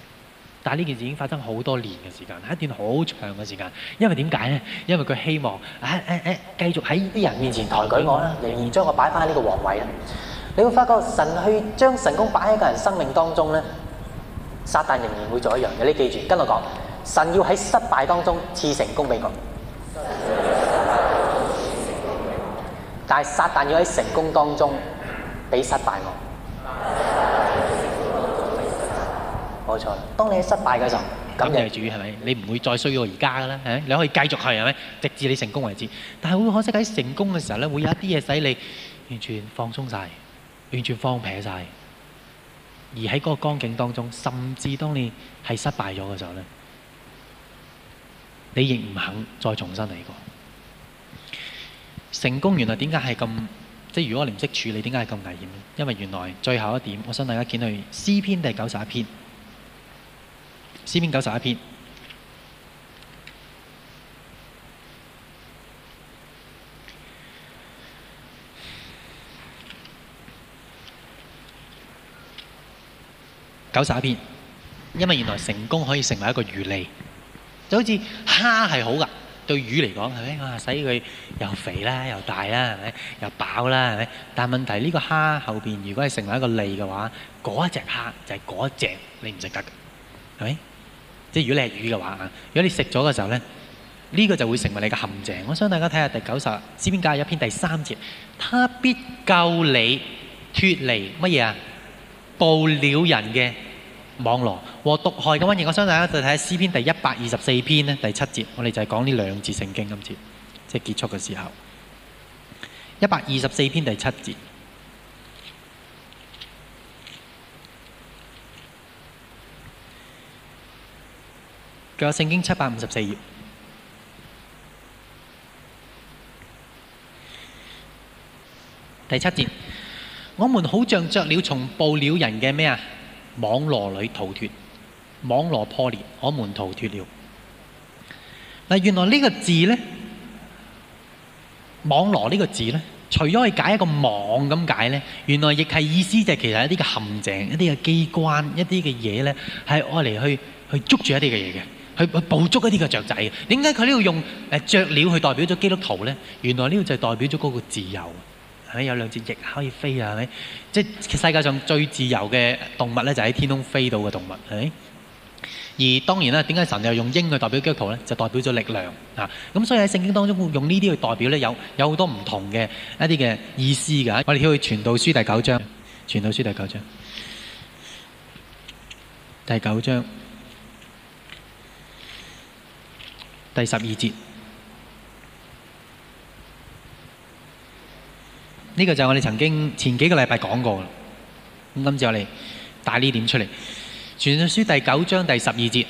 但係呢件事已經發生好多年嘅時間，一段好長嘅時間。因為點解咧？因為佢希望啊誒誒，繼續喺啲人面前抬舉我啦，仍然將我擺翻喺呢個王位啦。你會發覺神去將成功擺喺一個人生命當中咧，撒但仍然會做一樣嘅。你記住，跟我講，神要喺失敗當中賜成功俾我，但係撒但要喺成功當中俾失敗我。冇錯，當你失敗嘅時候，堅持係主要係咪？你唔會再衰到而家㗎啦。你可以繼續去係咪？直至你成功為止。但係好可惜喺成功嘅時候咧，會有一啲嘢使你完全放鬆晒，完全放撇晒。而喺嗰個光景當中，甚至當你係失敗咗嘅時候咧，你亦唔肯再重新嚟過。成功原來點解係咁？即係如果你唔識處理，點解係咁危險咧？因為原來最後一點，我想大家見到詩篇第九十一篇。詩篇九十一篇，九十一篇，因為原來成功可以成為一個魚餌，就好似蝦係好㗎，對魚嚟講，係咪我話使佢又肥啦，又大啦，係咪又飽啦，係咪？但係問題呢、這個蝦後邊，如果係成為一個餌嘅話，嗰一隻蝦就係嗰一隻，你唔食得嘅，係咪？即係如果你係魚嘅話，如果你食咗嘅時候咧，呢個就會成為你嘅陷阱。我想大家睇下第九十詩篇嘅一篇第三節，他必救你脫離乜嘢啊？捕鳥人嘅網羅和毒害嘅瘟疫。我相信大家就睇下詩篇第一百二十四篇呢第七節，我哋就係講呢兩節聖經今次，即係結束嘅時候。一百二十四篇第七節。聖經七百五十四頁第七節，我們好像雀鳥從捕鳥人嘅咩啊，網羅裏逃脱，網羅破裂，我們逃脱了。嗱，原來呢個字咧，網羅呢個字咧，除咗可以解一個網咁解咧，原來亦係意思就係其實一啲嘅陷阱、一啲嘅機關、一啲嘅嘢咧，係愛嚟去去捉住一啲嘅嘢嘅。去捕捉一啲嘅雀仔，點解佢呢度用誒雀鳥去代表咗基督徒咧？原來呢度就代表咗嗰個自由，係咪有兩隻翼可以飛啊？係咪即係世界上最自由嘅動物咧，就喺天空飛到嘅動物，係咪？而當然啦，點解神又用鷹去代表基督徒咧？就代表咗力量啊！咁所以喺聖經當中用呢啲去代表咧，有有好多唔同嘅一啲嘅意思噶。我哋可以傳道書第九章，傳道書第九章，第九章。第十二節，呢、這個就是我哋曾經前幾個禮拜講過。今次我嚟帶呢點出嚟，傳道書第九章第十二節，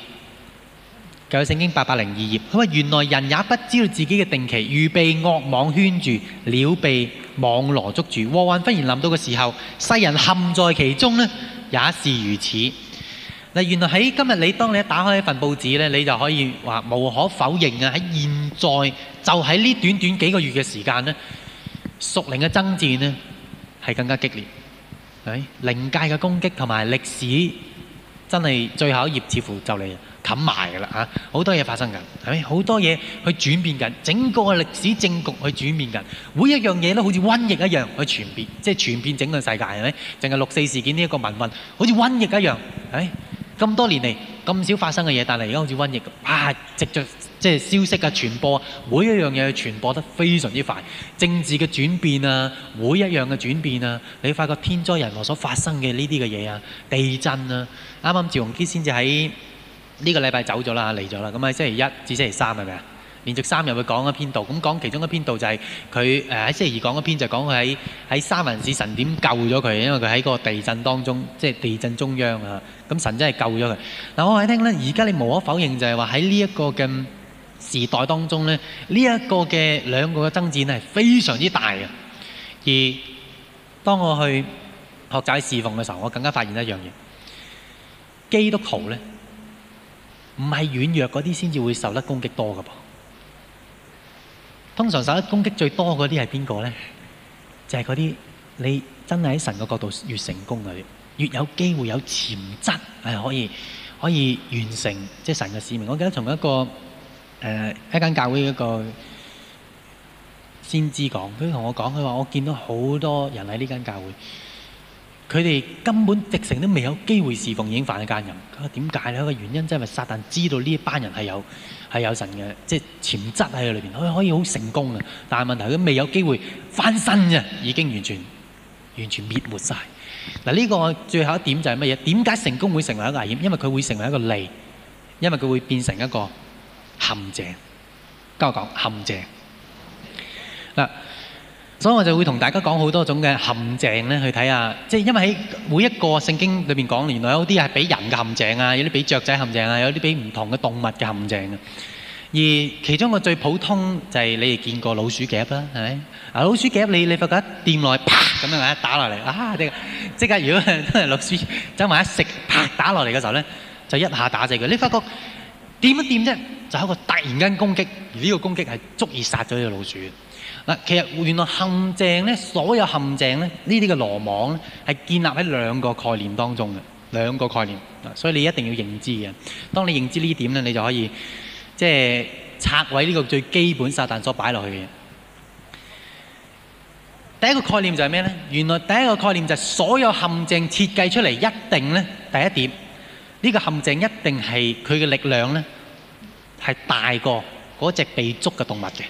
舊聖經八百零二頁。佢話，原來人也不知道自己嘅定期，魚被惡網圈住，鳥被網羅捉住，禍患忽然臨到嘅時候，世人陷在其中呢，也是如此。嗱，原來喺今日，你當你一打開一份報紙咧，你就可以話無可否認啊！喺現在，就喺呢短短幾個月嘅時間咧，屬靈嘅爭戰咧係更加激烈，係靈界嘅攻擊同埋歷史真係最後一頁似乎就嚟冚埋㗎啦嚇！好多嘢發生緊，係咪好多嘢去轉變緊？整個嘅歷史政局去轉變緊，每一樣嘢都好似瘟疫一樣去傳遍，即係傳遍整個世界，係咪？淨係六四事件呢一個民運，好似瘟疫一樣，係。咁多年嚟咁少發生嘅嘢，但係而家好似瘟疫，啊直接消息嘅傳播，每一樣嘢傳播得非常之快。政治嘅轉變啊，每一樣嘅轉變啊，你會發覺天災人禍所發生嘅呢啲嘅嘢啊，地震啊，啱啱趙洪基先至喺呢個禮拜走咗啦，嚟咗啦，咁喺星期一至星期三係咪啊？連續三日會講一篇道，咁講其中一篇道就係佢喺星期二講嗰篇就係講佢喺喺三藩市神點救咗佢，因為佢喺個地震當中，即係地震中央啊！咁神真係救咗佢。嗱，我話你聽咧，而家你無可否認就係話喺呢一個嘅時代當中咧，呢一個嘅兩個嘅爭戰係非常之大嘅。而當我去學習侍奉嘅時候，我更加發現一樣嘢：基督徒咧唔係軟弱嗰啲先至會受得攻擊多嘅噃。通常受得攻擊最多嗰啲係邊個咧？就係嗰啲你真係喺神嘅角度越成功嘅，越有機會有潛質可以可以完成即、就係、神嘅使命。我記得從一個、呃、一間教會一個先知講，佢同我講，佢話我見到好多人喺呢間教會，佢哋根本直程都未有機會侍奉，已經犯了奸淫。佢話點解咧？個原因即係因為撒但知道呢一班人係有？係有神嘅，即係潛質喺佢裏邊，佢可以好成功啊！但係問題佢未有機會翻身嘅，已經完全完全滅沒曬。嗱，呢個最後一點就係乜嘢？點解成功會成為一個危險？因為佢會成為一個利，因為佢會變成一個陷阱。跟我講陷阱嗱。所以我就會同大家講好多種嘅陷阱咧，去睇下。即係因為喺每一個聖經裏邊講，原來有啲係俾人嘅陷阱啊，有啲俾雀仔陷阱啊，有啲俾唔同嘅動物嘅陷阱啊。而其中個最普通就係你哋見過老鼠夾啦，係咪？啊，老鼠夾你，你發覺掂落去啪咁樣啊打落嚟啊！即刻，如果係老鼠走埋一食，啪打落嚟嘅時候咧，就一下打死佢。你發覺掂一掂啫，就係一個突然間攻擊，而呢個攻擊係足以殺咗呢隻老鼠。嗱，其實原來陷阱咧，所有陷阱咧，呢啲嘅羅網咧，係建立喺兩個概念當中嘅，兩個概念，嗱，所以你一定要認知嘅。當你認知呢點咧，你就可以即係拆毀呢個最基本撒旦所擺落去嘅嘢。第一個概念就係咩咧？原來第一個概念就係所有陷阱設計出嚟一定咧，第一點，呢個陷阱一定係佢嘅力量咧，係大過嗰隻被捉嘅動物嘅。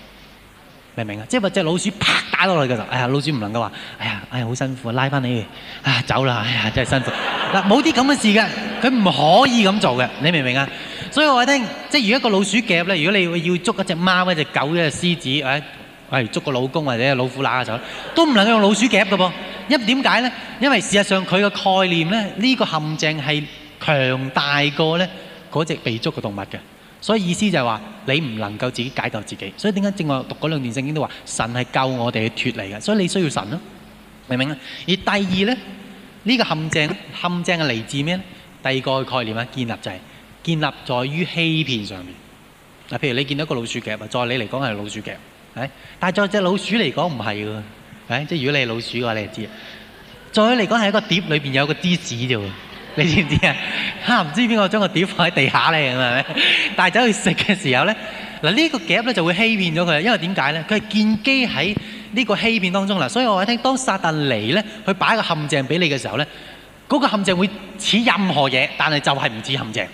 明唔明啊？即係話隻老鼠啪打落嚟嘅時候，哎呀老鼠唔能夠話，哎呀哎呀好辛苦啊，拉翻你，啊走啦，哎呀真係辛苦。嗱冇啲咁嘅事嘅，佢唔可以咁做嘅，你明唔明啊？所以我話聽，即係如果個老鼠夾咧，如果你要捉一隻貓一隻狗一隻獅子，哎喂捉個老公或者老虎乸啊走，都唔能夠用老鼠夾嘅噃，因為點解咧？因為事實上佢個概念咧，呢個陷阱係強大過咧嗰隻被捉嘅動物嘅。所以意思就係話，你唔能夠自己解救自己。所以點解正話讀嗰兩段聖經都話，神係救我哋脱離嘅。所以你需要神咯、啊，明唔明啊？而第二咧，呢、這個陷阱陷阱嘅嚟自咩咧？第二個概念啊，建立就係、是、建立在於欺騙上面。嗱，譬如你見到一個老鼠夾，在你嚟講係老鼠夾，係，但係在隻老鼠嚟講唔係喎，係即係如果你係老鼠嘅話，你就知。在你嚟講係一個碟裏面一個，裏邊有個芝士啫。你知唔知啊？嚇，唔知邊個將個碟放喺地下咧，咁係咪？但係走去食嘅時候咧，嗱呢個夾咧就會欺騙咗佢，因為點解咧？佢係建基喺呢個欺騙當中啦。所以我話你聽，當撒但嚟咧，佢擺個陷阱俾你嘅時候咧，嗰個陷阱會似任何嘢，但係就係唔似陷阱，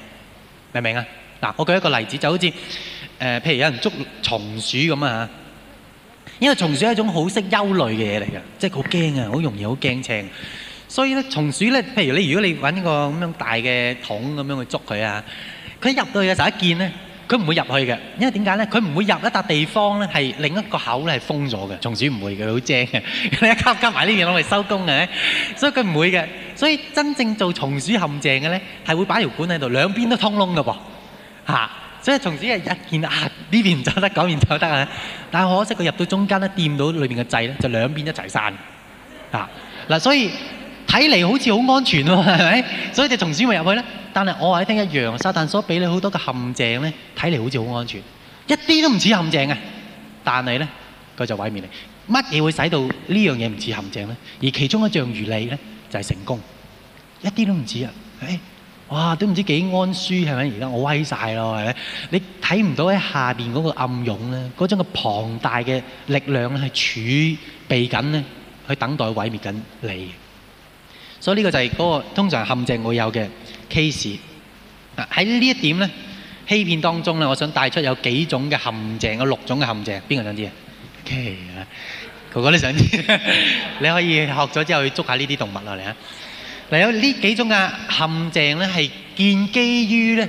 明唔明啊？嗱，我舉一個例子，就好似誒，譬如有人捉松鼠咁啊嚇，因為松鼠係一種好識憂慮嘅嘢嚟㗎，即係好驚啊，好容易好驚青。所以咧，松鼠咧，譬如你，如果你揾個咁樣大嘅桶咁樣去捉佢啊，佢入到去嘅時候一見咧，佢唔會入去嘅，因為點解咧？佢唔會入一笪地方咧，係另一個口咧係封咗嘅。松鼠唔會嘅，好正嘅， 你一扣夾埋呢邊攞嚟收工嘅，所以佢唔會嘅。所以真正做松鼠陷阱嘅咧，係會擺條管喺度，兩邊都通窿嘅噃嚇。所以松鼠係一見啊，呢邊唔走得，嗰邊走得啊。但係可惜佢入到中間咧，掂到裏邊嘅掣咧，就兩邊一齊散啊嗱，所以。睇嚟好似好安全喎，係咪？所以隻蟲子咪入去咧？但係我話你聽一樣，撒旦所俾你好多嘅陷阱咧，睇嚟好似好安全，一啲都唔似陷阱啊。但係咧，佢就毀滅你。乜嘢會使到呢樣嘢唔似陷阱咧？而其中一樣原理咧，就係成功，一啲都唔似啊！誒，哇，都唔知幾安舒係咪？而家我威曬咯，係咪？你睇唔到喺下邊嗰個暗湧咧，嗰種嘅龐大嘅力量咧，係儲備緊咧，去等待毀滅緊你。所以呢個就係嗰個通常陷阱會有嘅 case。喺呢一點呢，欺騙當中呢，我想帶出有幾種嘅陷阱，個六種嘅陷阱，邊個想知啊？K 啊，個個都想知道。 你可以學咗之後去捉下呢啲動物啊，嚟啊。嗱，呢幾種嘅陷阱呢，係建基於呢，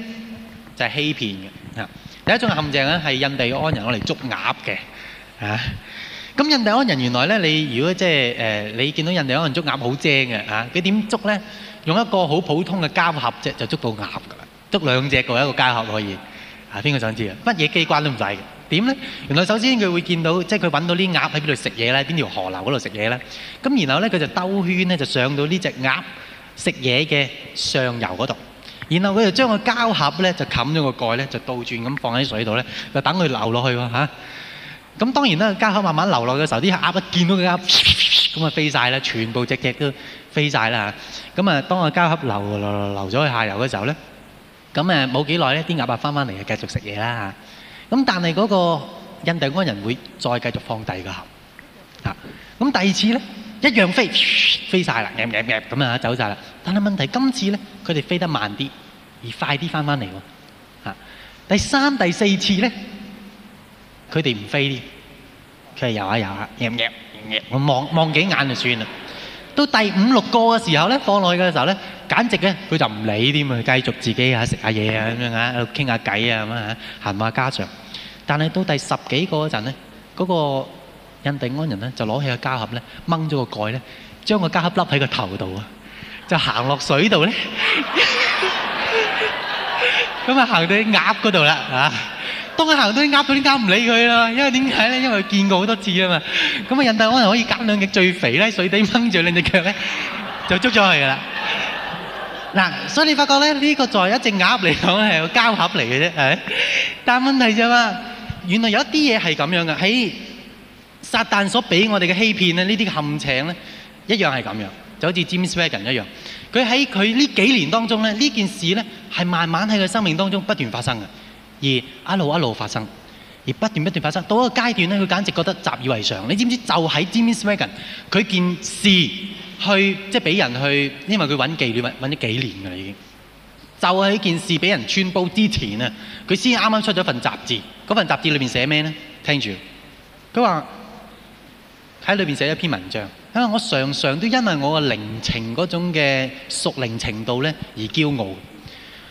就係欺騙嘅。第一種陷阱呢，係印第安人攞嚟捉鴨嘅。啊！咁印第安人原來咧，你如果即係誒，你見到印第安人捉鴨好精嘅嚇，佢點捉咧？用一個好普通嘅膠盒啫，就捉到鴨㗎，捉兩隻個一個膠盒可以嚇。邊個想知啊？乜嘢機關都唔使嘅，點咧？原來首先佢會見到，即係佢揾到啲鴨喺邊度食嘢咧，邊條河流嗰度食嘢咧？咁然後咧，佢就兜圈咧，就上到呢隻鴨食嘢嘅上游嗰度，然後佢就將個膠盒咧就冚咗個蓋咧，就倒轉咁放喺水度咧，就等佢流落去喎嚇。咁當然啦，膠盒慢慢流落嘅時候，啲鴨一見到佢鴨，咁啊飛晒啦，全部隻隻都飛晒啦咁啊，當個膠盒流流流咗去下游嘅時候咧，咁誒冇幾耐咧，啲鴨啊翻翻嚟啊，繼續食嘢啦嚇。咁但係嗰個印第安人會再繼續放第二個盒。嚇。咁第二次咧，一樣飛，飛晒啦，噉啊走晒啦。但係問題是今次咧，佢哋飛得慢啲，而快啲翻翻嚟喎。第三、第四次咧。佢哋唔飛啲，佢係游下游下，釣唔釣？釣！我望望幾眼就算啦。到第五六個嘅時候咧，放落去嘅時候咧，簡直咧佢就唔理添啊，繼續自己啊食下嘢啊咁樣啊，喺度傾下偈啊咁啊，行下家常。但係到第十幾個嗰陣咧，嗰個印第安人咧就攞起個膠盒咧，掹咗個蓋咧，將個膠盒笠喺個頭度啊，就行落水度咧，咁啊行到啲鴨嗰度啦嚇！當佢行到啲鴨，佢啲鴨唔理佢啦，因為點解咧？因為佢見過好多次啊嘛。咁啊，印第安可能可以揀兩隻最肥咧，水底掹住兩隻腳咧，就捉咗佢噶啦。嗱， 所以你發覺咧，呢、這個作為一隻鴨嚟講係個膠盒嚟嘅啫，係。但問題啫、就、嘛、是，原來有一啲嘢係咁樣嘅喺撒但所俾我哋嘅欺騙咧，呢啲陷阱咧，一樣係咁樣，就好似 James Wagon 一樣。佢喺佢呢幾年當中咧，呢件事咧係慢慢喺佢生命當中不斷發生嘅。而一路一路發生，而不斷不斷發生，到一個階段咧，佢簡直覺得習以為常。你知唔知？就喺 Jimmy Swaggart，佢件事去即係俾人去，因為佢揾妓女揾咗幾年㗎啦已經。就喺件事俾人穿煲之前啊，佢先啱啱出咗份雜誌。嗰份雜誌裏面寫咩咧？聽住，佢話喺裏面寫咗一篇文章啊！因為我常常都因為我嘅靈情嗰種嘅熟靈程度咧而驕傲。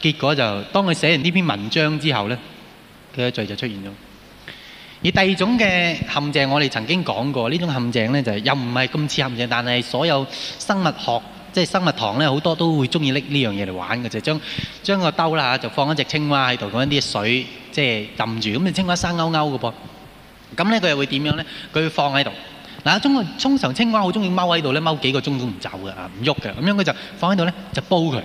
結果就當佢寫完呢篇文章之後咧，佢嘅罪就出現咗。而第二種嘅陷阱，我哋曾經講過，呢種陷阱咧就係又唔係咁似陷阱，但係所有生物學即係生物堂咧，好多都會中意拎呢樣嘢嚟玩嘅啫。將將個兜啦嚇，就放一隻青蛙喺度，講一啲水即係浸住，咁隻青蛙生勾勾嘅噃。咁咧佢又會點樣咧？佢會放喺度嗱，中通常青蛙好中意踎喺度咧，踎幾個鐘都唔走嘅啊，唔喐嘅。咁樣佢就放喺度咧，就煲佢。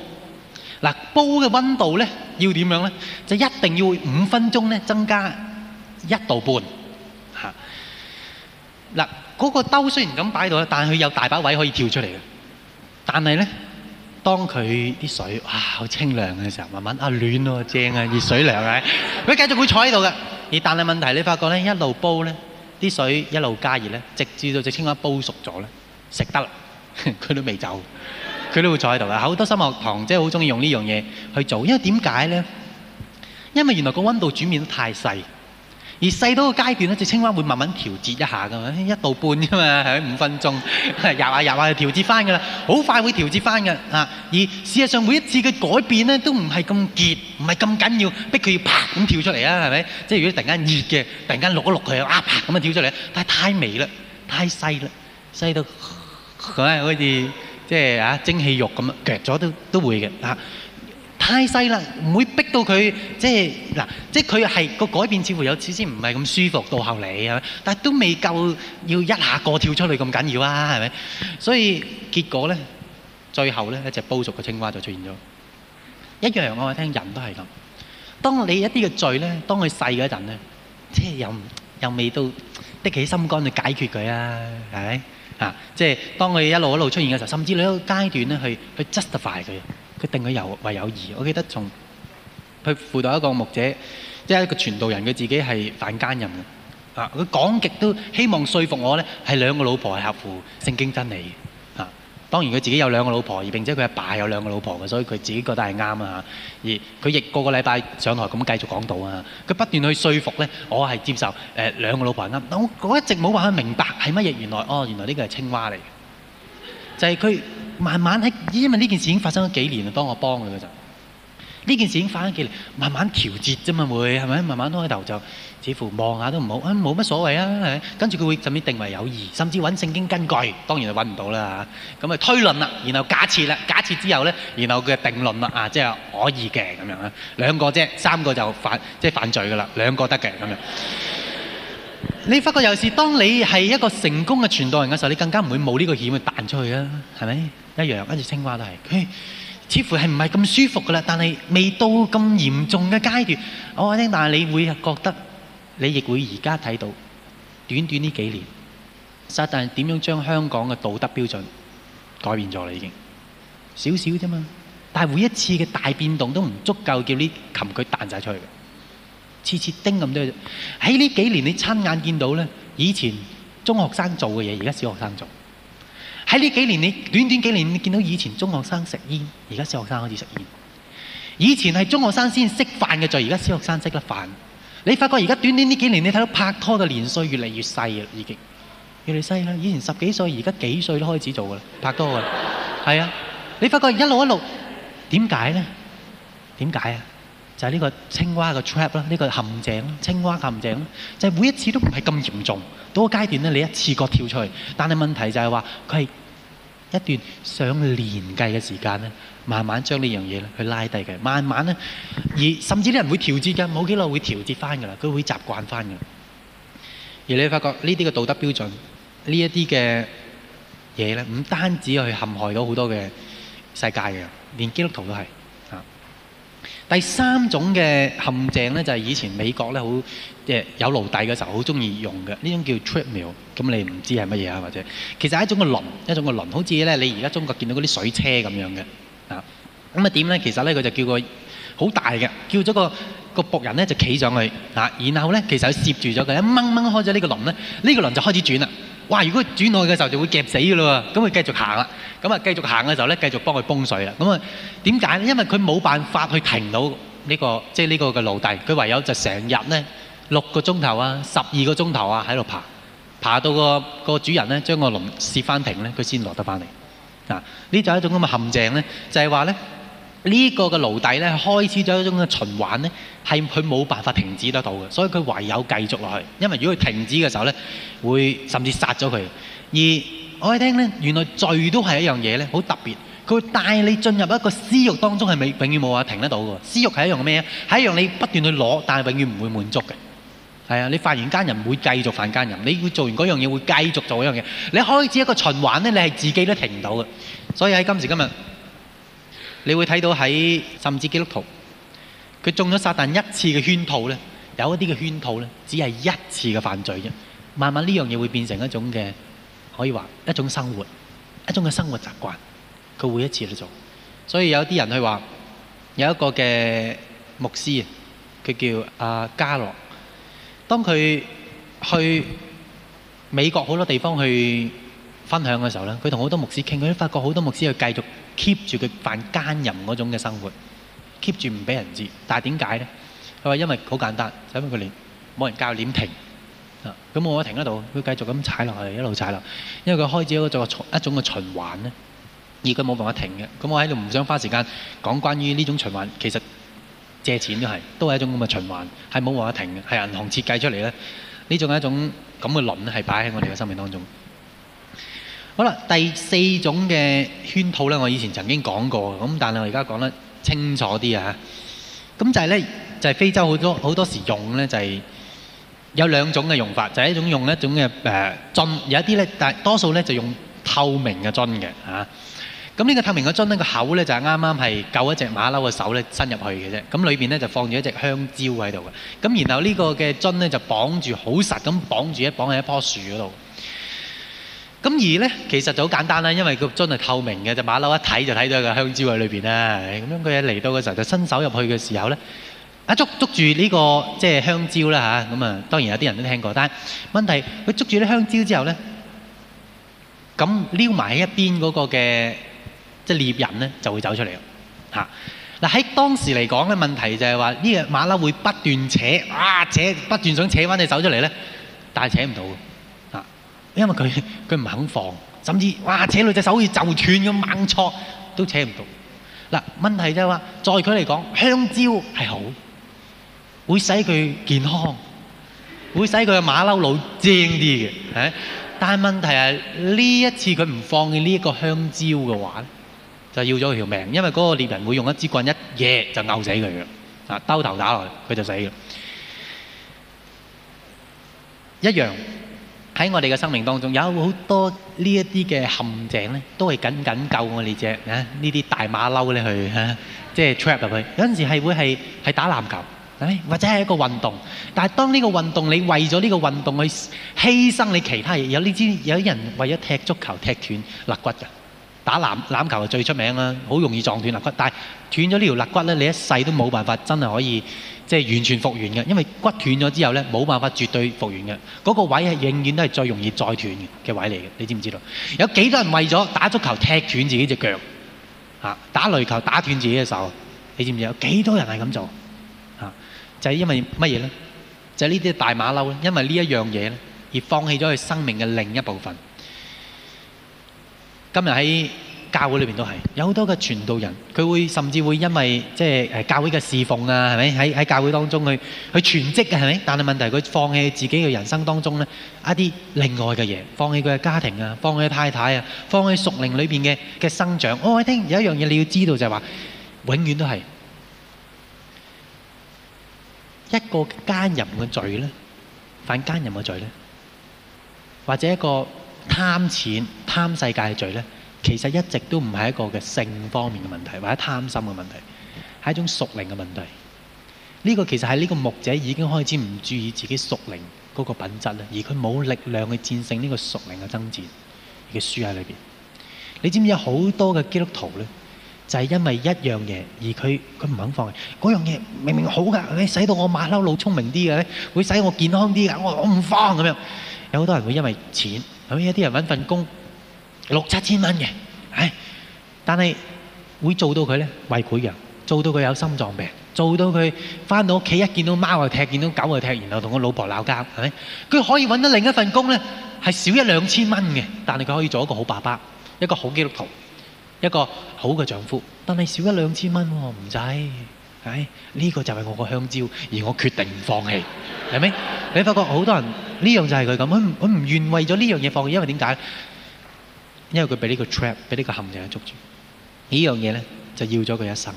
嗱，煲嘅温度咧要點樣咧？就一定要五分鐘咧增加一度半，嚇。嗱，嗰個兜雖然咁擺到啦，但係佢有大把位可以跳出嚟嘅。但係咧，當佢啲水哇好清涼嘅時候，慢慢啊，暖喎正啊熱水涼啊。佢繼續會坐喺度嘅。而但係問題，你發覺咧一路煲咧啲水一路加熱咧，直至到隻青蛙煲熟咗咧，食得啦，佢都未走。佢都會坐喺度啦，好多生物學堂真係好中意用呢樣嘢去做，因為點解咧？因為原來個溫度轉變得太細，而細到個階段咧，隻青蛙會慢慢調節一下噶嘛，一度半啫嘛，喺五分鐘入下入下調節翻噶啦，好快會調節翻噶啊！而事實上每一次嘅改變咧，都唔係咁結，唔係咁緊要，逼佢要啪咁跳出嚟啦，係咪？即係如果突然間熱嘅，突然間落一落去，啊啪咁啊跳出嚟，但係太微啦，太細啦，細到佢係可以。即係啊，蒸汽浴咁樣夾咗都都會嘅嚇，太細啦，唔會逼到佢即係嗱，即係佢係個改變似乎有啲先唔係咁舒服到後嚟係咪？但係都未夠要一下個跳出嚟咁緊要啊，係咪？所以結果咧，最後咧，一隻煲熟嘅青蛙就出現咗，一樣我聽人都係咁。當你一啲嘅罪咧，當佢細嗰陣咧，即係又又未到的起心肝去解決佢啊，係咪？啊！即係當佢一路一路出現嘅時候，甚至呢一個階段咧，去去 justify 佢，佢定佢友為友誼。我記得從佢輔導一個牧者，即係一個傳道人，佢自己係犯奸淫嘅。啊！佢講極都希望説服我咧，係兩個老婆係合乎聖經真理嘅。當然佢自己有兩個老婆，而並且佢阿爸有兩個老婆，所以佢自己覺得係啱啊！而佢亦個個禮拜上台咁繼續講道啊，佢不斷去說服我係接受兩個老婆啱。我我一直冇話佢明白係乜嘢，原來哦，原來呢個係青蛙嚟，就係佢慢慢因為呢件事已經發生咗幾年啦。當我幫佢呢件事已經翻咗幾年，慢慢調節啫嘛會，係咪？慢慢開頭就，似乎望下都唔好，啊冇乜所謂啊，跟住佢會甚至定為友誼，甚至揾聖經根據，當然就揾唔到啦嚇。咁啊推論啦，然後假設啦，假設之後咧，然後佢定論啦啊，即係可以嘅咁樣啦。兩個啫，三個就犯，即係犯罪㗎啦，兩個得嘅咁樣。你發覺有時當你係一個成功嘅傳道人嘅時候，你更加唔會冇呢個險去彈出去啦，係咪？一樣，跟住青蛙都係。似乎係唔係咁舒服噶啦，但係未到咁嚴重嘅階段。我話你聽，但係你會覺得你會，你亦會而家睇到短短呢幾年，撒旦點樣將香港嘅道德標準改變咗啦？已經少少啫嘛，但係每一次嘅大變動都唔足夠叫啲琴佢彈晒出去嘅，次次叮咁多。喺呢幾年，你親眼見到咧，以前中學生做嘅嘢，而家小學生做。喺呢幾年，你短短幾年，你見到以前中學生食煙，而家小學生開始食煙。以前係中學生先識犯嘅罪，而家小學生識得犯。你發覺而家短短呢幾年，你睇到拍拖嘅年歲越嚟越細啦，已經越嚟越細啦。以前十幾歲，而家幾歲都開始做噶啦，拍拖噶啦。係 啊，你發覺一路一路點解咧？點解啊？為什麼？就係呢個青蛙嘅 trap 咯，呢個陷阱，青蛙陷阱咯。就係每一次都唔係咁嚴重，到個階段咧，你一次過跳出嚟。但係問題就係話，佢係一段上年計嘅時間咧，慢慢將呢樣嘢咧去拉低嘅，慢慢咧。而甚至啲人會調節嘅，冇幾耐會調節翻㗎啦，佢會習慣翻㗎。而你發覺呢啲嘅道德標準，呢一啲嘅嘢咧，唔單止去陷害到好多嘅世界嘅人，連基督徒都係。第三種嘅陷阱咧，就係以前美國咧好，即係有奴隸嘅時候好中意用嘅，呢種叫 treadmill。咁你唔知係乜嘢啊？或者其實係一種個輪，一種個輪，好似咧你而家中國見到嗰啲水車咁樣嘅啊。咁啊點咧？其實咧佢就叫個好大嘅，叫咗個個僕人咧就企上去啊。然後咧其實佢攝住咗佢一掹掹開咗呢個輪咧，呢、呢個輪就開始轉啦。哇！如果轉去嘅時候就會夾死嘅咯喎，咁佢繼續行啦，咁啊繼續行嘅時候咧，繼續幫佢泵水啦，咁啊點解咧？因為佢冇辦法去停到呢個，即係呢個嘅奴隸，佢唯有就成日咧六個鐘頭啊，十二個鐘頭啊喺度爬，爬到個個主人咧將個輪攝翻停咧，佢先落得翻嚟啊！呢就係一種咁嘅陷阱咧，就係話咧。呢個嘅奴隸呢開始咗一種嘅循環呢，係佢冇辦法停止得到嘅，所以佢唯有繼續落去。因為如果佢停止嘅時候呢，會甚至殺咗佢。而我哋聽呢，原來罪都係一樣嘢呢，好特別。佢帶你進入一個私慾當中，係咪永遠冇話停得到嘅。私慾係一樣咩啊？係一樣你不斷去攞，但係永遠唔會滿足嘅。係啊，你犯完奸淫會繼續犯奸淫，你做完嗰樣嘢會繼續做嗰樣嘢。你開始一個循環呢，你係自己都停唔到嘅。所以喺今時今日。你會睇到喺甚至基督徒，佢中咗撒旦一次嘅圈套呢，有一啲嘅圈套呢，只係一次嘅犯罪啫。慢慢呢樣嘢會變成一種嘅，可以話一種生活，一種嘅生活習慣。佢會一次去做，所以有啲人去話有一個嘅牧師，佢叫阿加洛，當佢去美國好多地方去，分享嘅時候咧，佢同好多牧師傾，佢都發覺好多牧師去繼續 keep 住佢犯奸淫嗰種嘅生活，keep 住唔俾人知。但係點解咧？佢話因為好簡單，因為佢連冇人教佢點停。咁我停得到，佢繼續咁踩落去，一路踩落。因為佢開始咗一個一種嘅循環咧，而佢冇辦法停嘅。咁我喺度唔想花時間講關於呢種循環，其實借錢都係都係一種咁嘅循環，係冇辦法停嘅，係銀行設計出嚟咧。呢種係一種咁嘅輪咧，係擺喺我哋嘅生命當中。好啦，第四種嘅圈套咧，我以前曾經講過，咁但係我而家講得清楚啲啊。咁就係、是、咧，就係、是、非洲好多好多時用咧，就係、是、有兩種嘅用法，就係、是、一種用一種嘅誒樽，有一啲咧，但係多數咧就用透明嘅樽嘅嚇。咁、啊、呢個透明嘅樽呢，個口咧就係啱啱係夠一隻馬騮嘅手咧伸入去嘅啫。咁裏邊咧就放住一隻香蕉喺度嘅。咁然後這個呢個嘅樽咧就綁住好實咁綁住，一綁喺一棵樹嗰度。咁而咧，其實就好簡單啦，因為個樽係透明嘅，隻馬騮一睇就睇到個香蕉喺裏邊啦。咁樣佢一嚟到嘅時候，就伸手入去嘅時候咧，一捉捉住呢個即係香蕉啦嚇。咁啊，當然有啲人都聽過，但係問題佢捉住啲香蕉之後咧，咁撩埋喺一邊嗰個嘅即係獵人咧就會走出嚟啦嚇。嗱喺當時嚟講咧，問題就係話呢隻馬騮會不斷扯，啊扯不斷想扯翻隻手出嚟咧，但係扯唔到。因為佢佢唔肯放，甚至哇扯女隻手好似就斷咁猛掹都扯唔到。嗱，問題就係話，在佢嚟講香蕉係好，會使佢健康，會使佢嘅馬騮佬正啲嘅。嚇，但係問題係呢一次佢唔放呢一個香蕉嘅話咧，就要咗佢條命，因為嗰個獵人會用一支棍一嘢就咬死佢嘅。啊，兜頭打落嚟佢就死啦，一樣。喺我哋嘅生命當中，有好多呢一啲嘅陷阱咧，都係僅僅夠我哋隻啊呢啲大馬騮咧去踩，即係 trap 入去。有陣時係會係係打籃球，或者係一個運動。但係當呢個運動，你為咗呢個運動去犧牲你其他嘢，有呢啲有人為咗踢足球踢斷肋骨嘅。打籃籃球係最出名啦，好容易撞斷肋骨，但係斷咗呢條肋骨咧，你一世都冇辦法真係可以即係完全復原嘅，因為骨斷咗之後咧，冇辦法絕對復原嘅。嗰個位係永遠都係最容易再斷嘅位嚟嘅，你知唔知道？有幾多人為咗打足球踢斷自己隻腳啊？打壘球打斷自己嘅手，你知唔知？有幾多人係咁做啊？就係因為乜嘢咧？就係呢啲大馬騮咧，因為呢一樣嘢咧，而放棄咗佢生命嘅另一部分。今日喺教會裏邊都係有好多嘅傳道人，佢會甚至會因為即係誒教會嘅侍奉啊，係咪喺喺教會當中去去全職嘅係咪？但係問題佢放棄自己嘅人生當中咧一啲另外嘅嘢，放棄佢嘅家庭啊，放棄佢嘅太太啊，放棄屬靈裏邊嘅嘅生長。我聽有一樣嘢你要知道就係話，永遠都係一個奸淫嘅罪咧，犯奸淫嘅罪咧，或者一個。貪錢貪世界嘅罪呢，其實一直都唔係一個嘅性方面嘅問題，或者貪心嘅問題，係一種屬靈嘅問題。呢、呢個其實係呢個牧者已經開始唔注意自己屬靈嗰個品質啦，而佢冇力量去戰勝呢、呢個屬靈嘅爭戰，而佢輸喺裏邊。你知唔知有好多嘅基督徒呢？就係、係、因為一樣嘢而佢佢唔肯放嘅嗰樣嘢，明明好㗎，你使到我馬騮腦聰明啲嘅咧，會使我健康啲嘅，我我唔放咁樣。有好多人會因為錢。有啲人揾份工六七千蚊嘅，唉，但係會做到佢呢，胃潰瘍，做到佢有心臟病，做到佢翻到屋企一見到貓就踢，見到狗就踢，然後同個老婆鬧交，係咪？佢可以揾到另一份工呢，係少一兩千蚊嘅，但係佢可以做一個好爸爸，一個好基督徒，一個好嘅丈夫。但係少一兩千蚊喎，唔使。唉，呢個就係我個香蕉，而我決定唔放棄，係咪？你發覺好多人呢樣就係佢咁，佢佢唔願為咗呢樣嘢放棄，因為點解？因為佢俾呢個 trap，俾呢個陷阱捉住，呢樣嘢咧就要咗佢一生。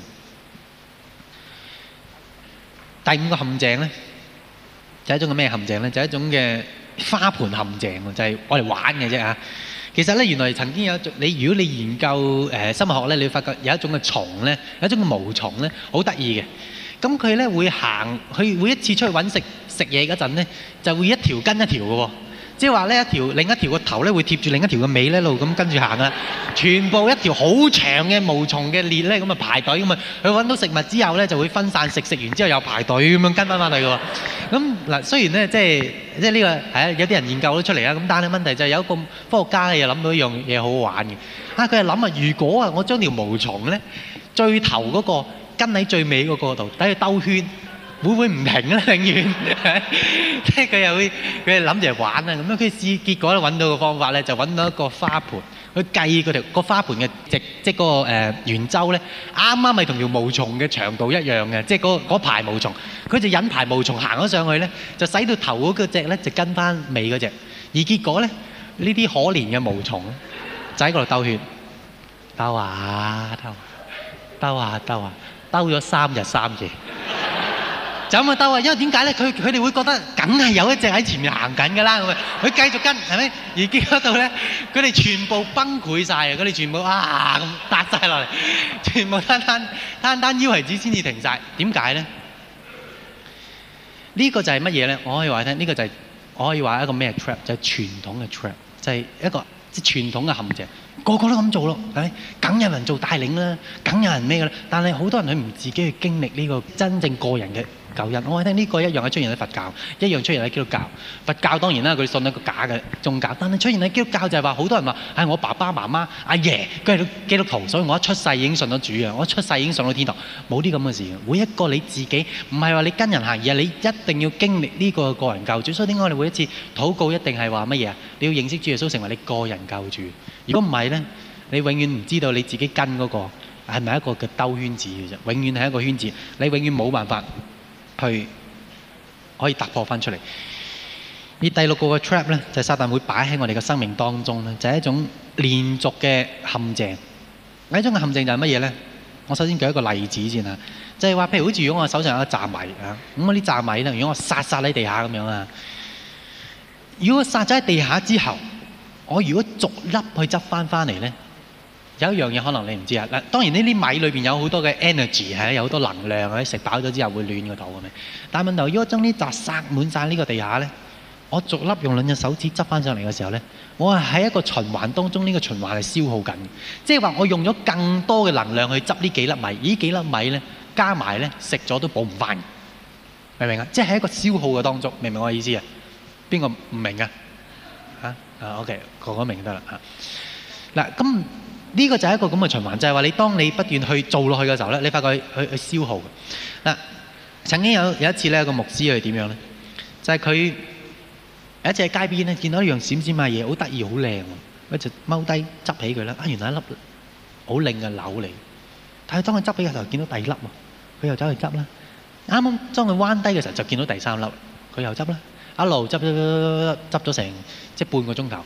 第五個陷阱咧，就係一種嘅咩陷阱咧？就係一種嘅花盆陷阱喎，就係我哋玩嘅啫啊！其實呢，原來曾經有一種你，如果你研究心、呃、生物學呢，你會發覺有一種嘅蟲呢，有一種嘅毛蟲呢，好得意嘅。咁佢呢會行，佢每會一次出去搵食食嘢嗰陣呢，就會一條跟一條嘅喎。即係話呢一條另一條個頭呢會貼住另一條個尾呢路咁跟住行啦，全部一條好長嘅毛蟲嘅列呢咁啊排隊咁啊，佢揾到食物之後呢就會分散食，食完之後又排隊咁樣跟翻翻嚟嘅喎。咁嗱雖然呢即係即係呢個係有啲人研究咗出嚟啊，咁但係問題就係有一個科學家又諗到一樣嘢好好玩嘅。啊，佢係諗啊，如果啊我將條毛蟲呢最頭嗰個跟喺最尾嗰個度，睇佢兜圈。會會唔停啦，永遠，即係佢又會，佢係諗住玩啊咁樣。佢試結果咧揾到個方法咧，就揾到一個花盆，佢計嗰條個花盆嘅直，即係嗰個誒圓周咧，啱啱咪同條毛蟲嘅長度一樣嘅，即係嗰嗰排毛蟲，佢就引排毛蟲行咗上去咧，就使到頭嗰個隻咧就跟翻尾嗰隻，而結果咧呢啲可憐嘅毛蟲就喺嗰度兜血，兜啊兜，兜啊兜啊，兜咗三日三夜。就咁啊得啊，因為點解咧？佢佢哋會覺得梗係有一隻喺前面行緊㗎啦，佢繼續跟係咪？而家嗰度咧，佢哋全部崩潰曬啊！佢哋全部啊咁跌曬落嚟，全部單單單單腰為止先至停曬。點解咧？呢個就係乜嘢咧？我可以話你聽，呢個就係我可以話一個咩 trap，就係傳統嘅 trap，就係一個即係傳統嘅陷阱。個個都咁做咯，係咪？梗有人做帶領啦，梗有人咩㗎啦？但係好多人佢唔自己去經歷呢個真正個人嘅。救恩，我係聽呢個一樣係出現喺佛教，一樣出現喺基督教。佛教當然啦，佢信一個假嘅宗教，但係出現喺基督教就係話好多人話，唉，我爸爸媽媽、阿爺佢係基督徒，所以我一出世已經信咗主啊，我一出世已經上到天堂，冇啲咁嘅事。每一個你自己唔係話你跟人行，而係你一定要經歷呢個個人救主。所以點解我哋每一次禱告一定係話乜嘢啊？你要認識主耶穌成為你個人救主。如果唔係咧，你永遠唔知道你自己跟嗰、那個係咪一個嘅兜圈子嘅啫，永遠係一個圈子，你永遠冇辦法。去可以突破翻出嚟。而第六個嘅 trap 咧，就係撒旦會擺喺我哋嘅生命當中咧，就係一種連續嘅陷阱。一種嘅陷阱就係乜嘢咧？我首先舉一個例子先啊，就係話譬如好似如果我手上有一扎米啊，咁我啲扎米咧，如果我撒撒喺地下咁樣啊，如果撒咗喺地下之後，我如果逐粒去執翻翻嚟咧？有一樣嘢可能你唔知啊，嗱，當然呢啲米裏邊有好多嘅 energy 係有好多能量啊。食飽咗之後會暖嗰度嘅咩？但係問題，如果將呢啲雜塞滿晒呢個地下咧，我逐粒用兩隻手指執翻上嚟嘅時候咧，我係喺一個循環當中，呢、呢個循環係消耗緊嘅，即係話我用咗更多嘅能量去執呢幾粒米。咦？幾粒米咧加埋咧食咗都補唔翻，明唔明啊？即係喺一個消耗嘅當中，明唔明我嘅意思啊？邊、邊個唔明啊？啊 OK 個個明得啦啊，嗱，咁。呢個就係一個咁嘅循環，就係話你當你不斷去做落去嘅時候咧，你發覺去去消耗。嗱，曾經有有一次咧，有個牧師係點樣咧？就係佢有一次喺街邊咧，見到一樣閃閃嘅嘢，好得意，好靚，佢就踎低執起佢啦。啊，原來一粒好靚嘅鈕嚟。但係當佢執起嘅時候，見到第二粒，佢又走去執啦。啱啱將佢彎低嘅時候，就見到第三粒，佢又執啦。一路執咗執咗成即係半個鐘頭。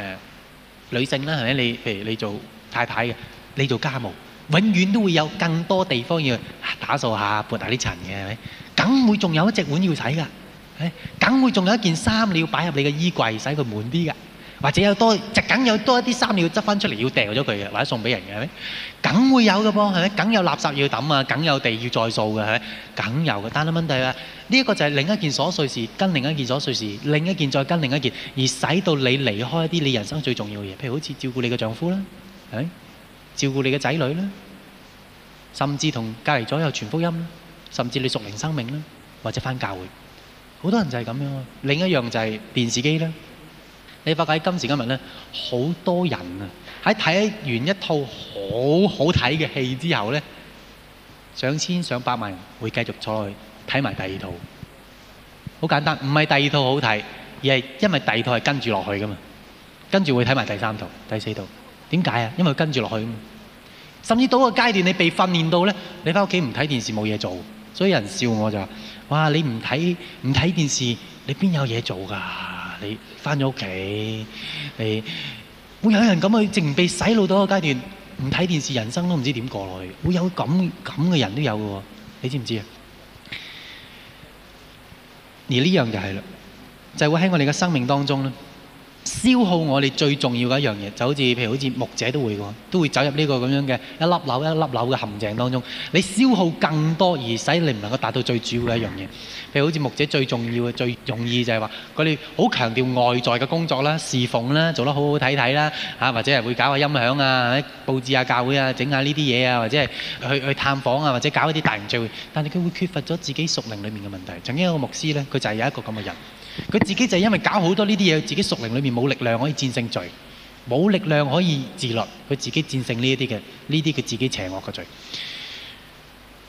呃、女性啦，係咪你？譬如你做太太嘅，你做家務，永遠都會有更多地方要打掃下、撥下啲塵嘅，係咪？梗會仲有一隻碗要洗㗎，係，梗會仲有一件衫你要擺入你嘅衣櫃，使佢滿啲㗎。或者有多，就梗有多一啲衫要執翻出嚟要掉咗佢嘅，或者送俾人嘅，係咪？梗會有嘅噃，係咪？梗有垃圾要抌啊，梗有地要再掃嘅，係咪？梗有嘅。但係問題係啊，呢一個就係另一件瑣碎事，跟另一件瑣碎事，另一件再跟另一件，而使到你離開一啲你人生最重要嘅嘢，譬如好似照顧你嘅丈夫啦，係咪？照顧你嘅仔女啦，甚至同隔離左右傳福音啦，甚至你屬靈生命啦，或者翻教會，好多人就係咁樣啊。另一樣就係電視機啦。你發覺今時今日咧，好多人啊喺睇完一套好好睇嘅戲之後咧，上千上百萬人會繼續坐去睇埋第二套。好簡單，唔係第二套好睇，而係因為第二套係跟住落去㗎嘛，跟住會睇埋第三套、第四套。點解啊？因為跟住落去㗎嘛。甚至到個階段，你被訓練到咧，你翻屋企唔睇電視冇嘢做。所以有人笑我就話：「哇！你唔睇唔睇電視，你邊有嘢做㗎？你？翻咗屋企，你會有人咁去，淨係被洗腦到一個階段，唔睇電視，人生都唔知點過去。會有咁咁嘅人都有嘅喎，你知唔知啊？而呢樣就係、是、啦，就是、會喺我哋嘅生命當中咧。消耗我哋最重要嘅一樣嘢，就好似譬如好似牧者都會嘅，都會走入呢個咁樣嘅一粒樓一粒樓嘅陷阱當中。你消耗更多而使你唔能夠達到最主要嘅一樣嘢。譬如好似牧者最重要嘅最容易就係話，佢哋好強調外在嘅工作啦、侍奉啦、做得好好睇睇啦，嚇或者係會搞下音響啊、佈置下教會啊、整下呢啲嘢啊，或者係、啊、去去探訪啊，或者搞一啲大型聚會。但係佢會缺乏咗自己屬靈裡面嘅問題。曾經有個牧師呢，佢就係有一個咁嘅人。佢自己就係因為搞好多呢啲嘢，自己屬靈裏面冇力量可以戰勝罪，冇力量可以自律，佢自己戰勝呢一啲嘅，呢啲佢自己邪惡嘅罪。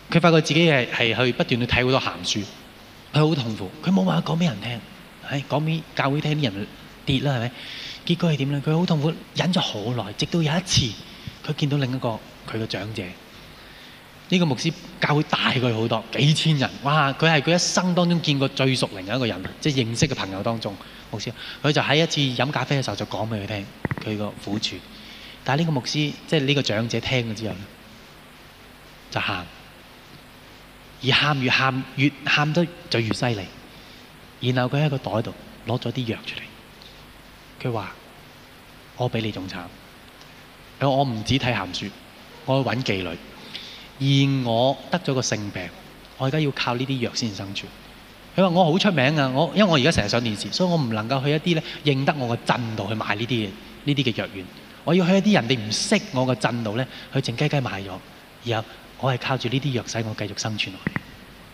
佢發覺自己係係去不斷去睇好多鹹書，佢好痛苦，佢冇話講俾人聽，係講俾教會聽啲人跌啦係咪？結果係點咧？佢好痛苦，忍咗好耐，直到有一次，佢見到另一個佢嘅長者。呢個牧師教會大佢好多幾千人，哇！佢係佢一生當中見過最屬靈嘅一個人，即係認識嘅朋友當中牧師。佢就喺一次飲咖啡嘅時候就講畀佢聽佢個苦處。但係呢個牧師即係呢個長者聽咗之後就喊，而喊越喊越喊得就越犀利。然後佢喺個袋度攞咗啲藥出嚟，佢話：我比你仲慘。我唔止睇鹹書，我去揾妓女。而我得咗個性病，我而家要靠呢啲藥先生存。佢話，我好出名啊，我因為我而家成日上電視，所以我唔能夠去一啲咧認得我個鎮度去買呢啲嘢，呢啲嘅藥丸。我要去一啲人哋唔識我個鎮度咧，去靜雞雞買咗。然後我係靠住呢啲藥使我繼續生存落去。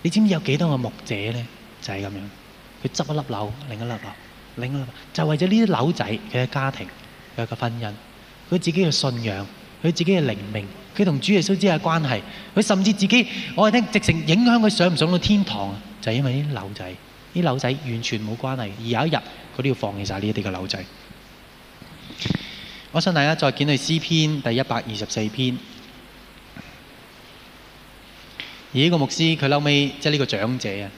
你知唔知有幾多個牧者咧？就係、是、咁樣，佢執一粒樓，另一粒樓，另一粒樓，就為咗呢啲樓仔，佢嘅家庭，佢嘅婚姻，佢自己嘅信仰，佢自己嘅靈命。佢同主耶穌之間關係，佢甚至自己，我係聽直情影響佢上唔上到天堂就係、是、因為啲瘤仔，啲瘤仔完全冇關係，而有一日佢都要放棄晒呢一啲嘅瘤仔。我想大家再檢去詩篇第一百二十四篇，而呢個牧師佢後尾即係呢個長者，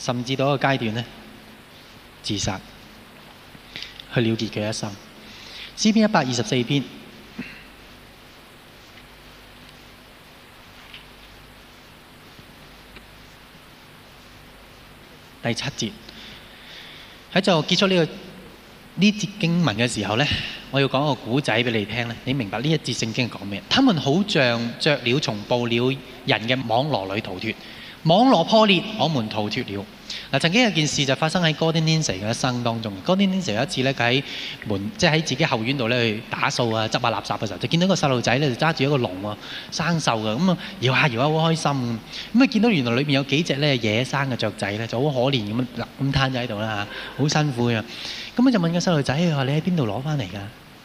甚至到一個階段咧自殺，去了結佢一生。詩篇一百二十四篇。第七節喺，就結束呢個呢節經文嘅時候呢，我要講個古仔俾你聽。你明白呢一節聖經講咩？他們好像雀鳥從捕鳥人嘅網羅裏逃脫，網羅破裂，我們逃脫了。嗱，曾經有件事就發生喺 Godinny 成嘅一生當中。Godinny 成有一次咧，佢喺門，即係喺自己後院度咧去打掃啊、執下垃圾嘅時候，就見到個細路仔咧就揸住一個籠喎，生鏽嘅，咁啊搖下搖下好開心咁。咁啊見到原來裏面有幾隻咧野生嘅雀仔咧，就好可憐咁啊咁攤咗喺度啦嚇，好辛苦嘅。咁啊就問個細路仔，佢話，你喺邊度攞翻嚟㗎？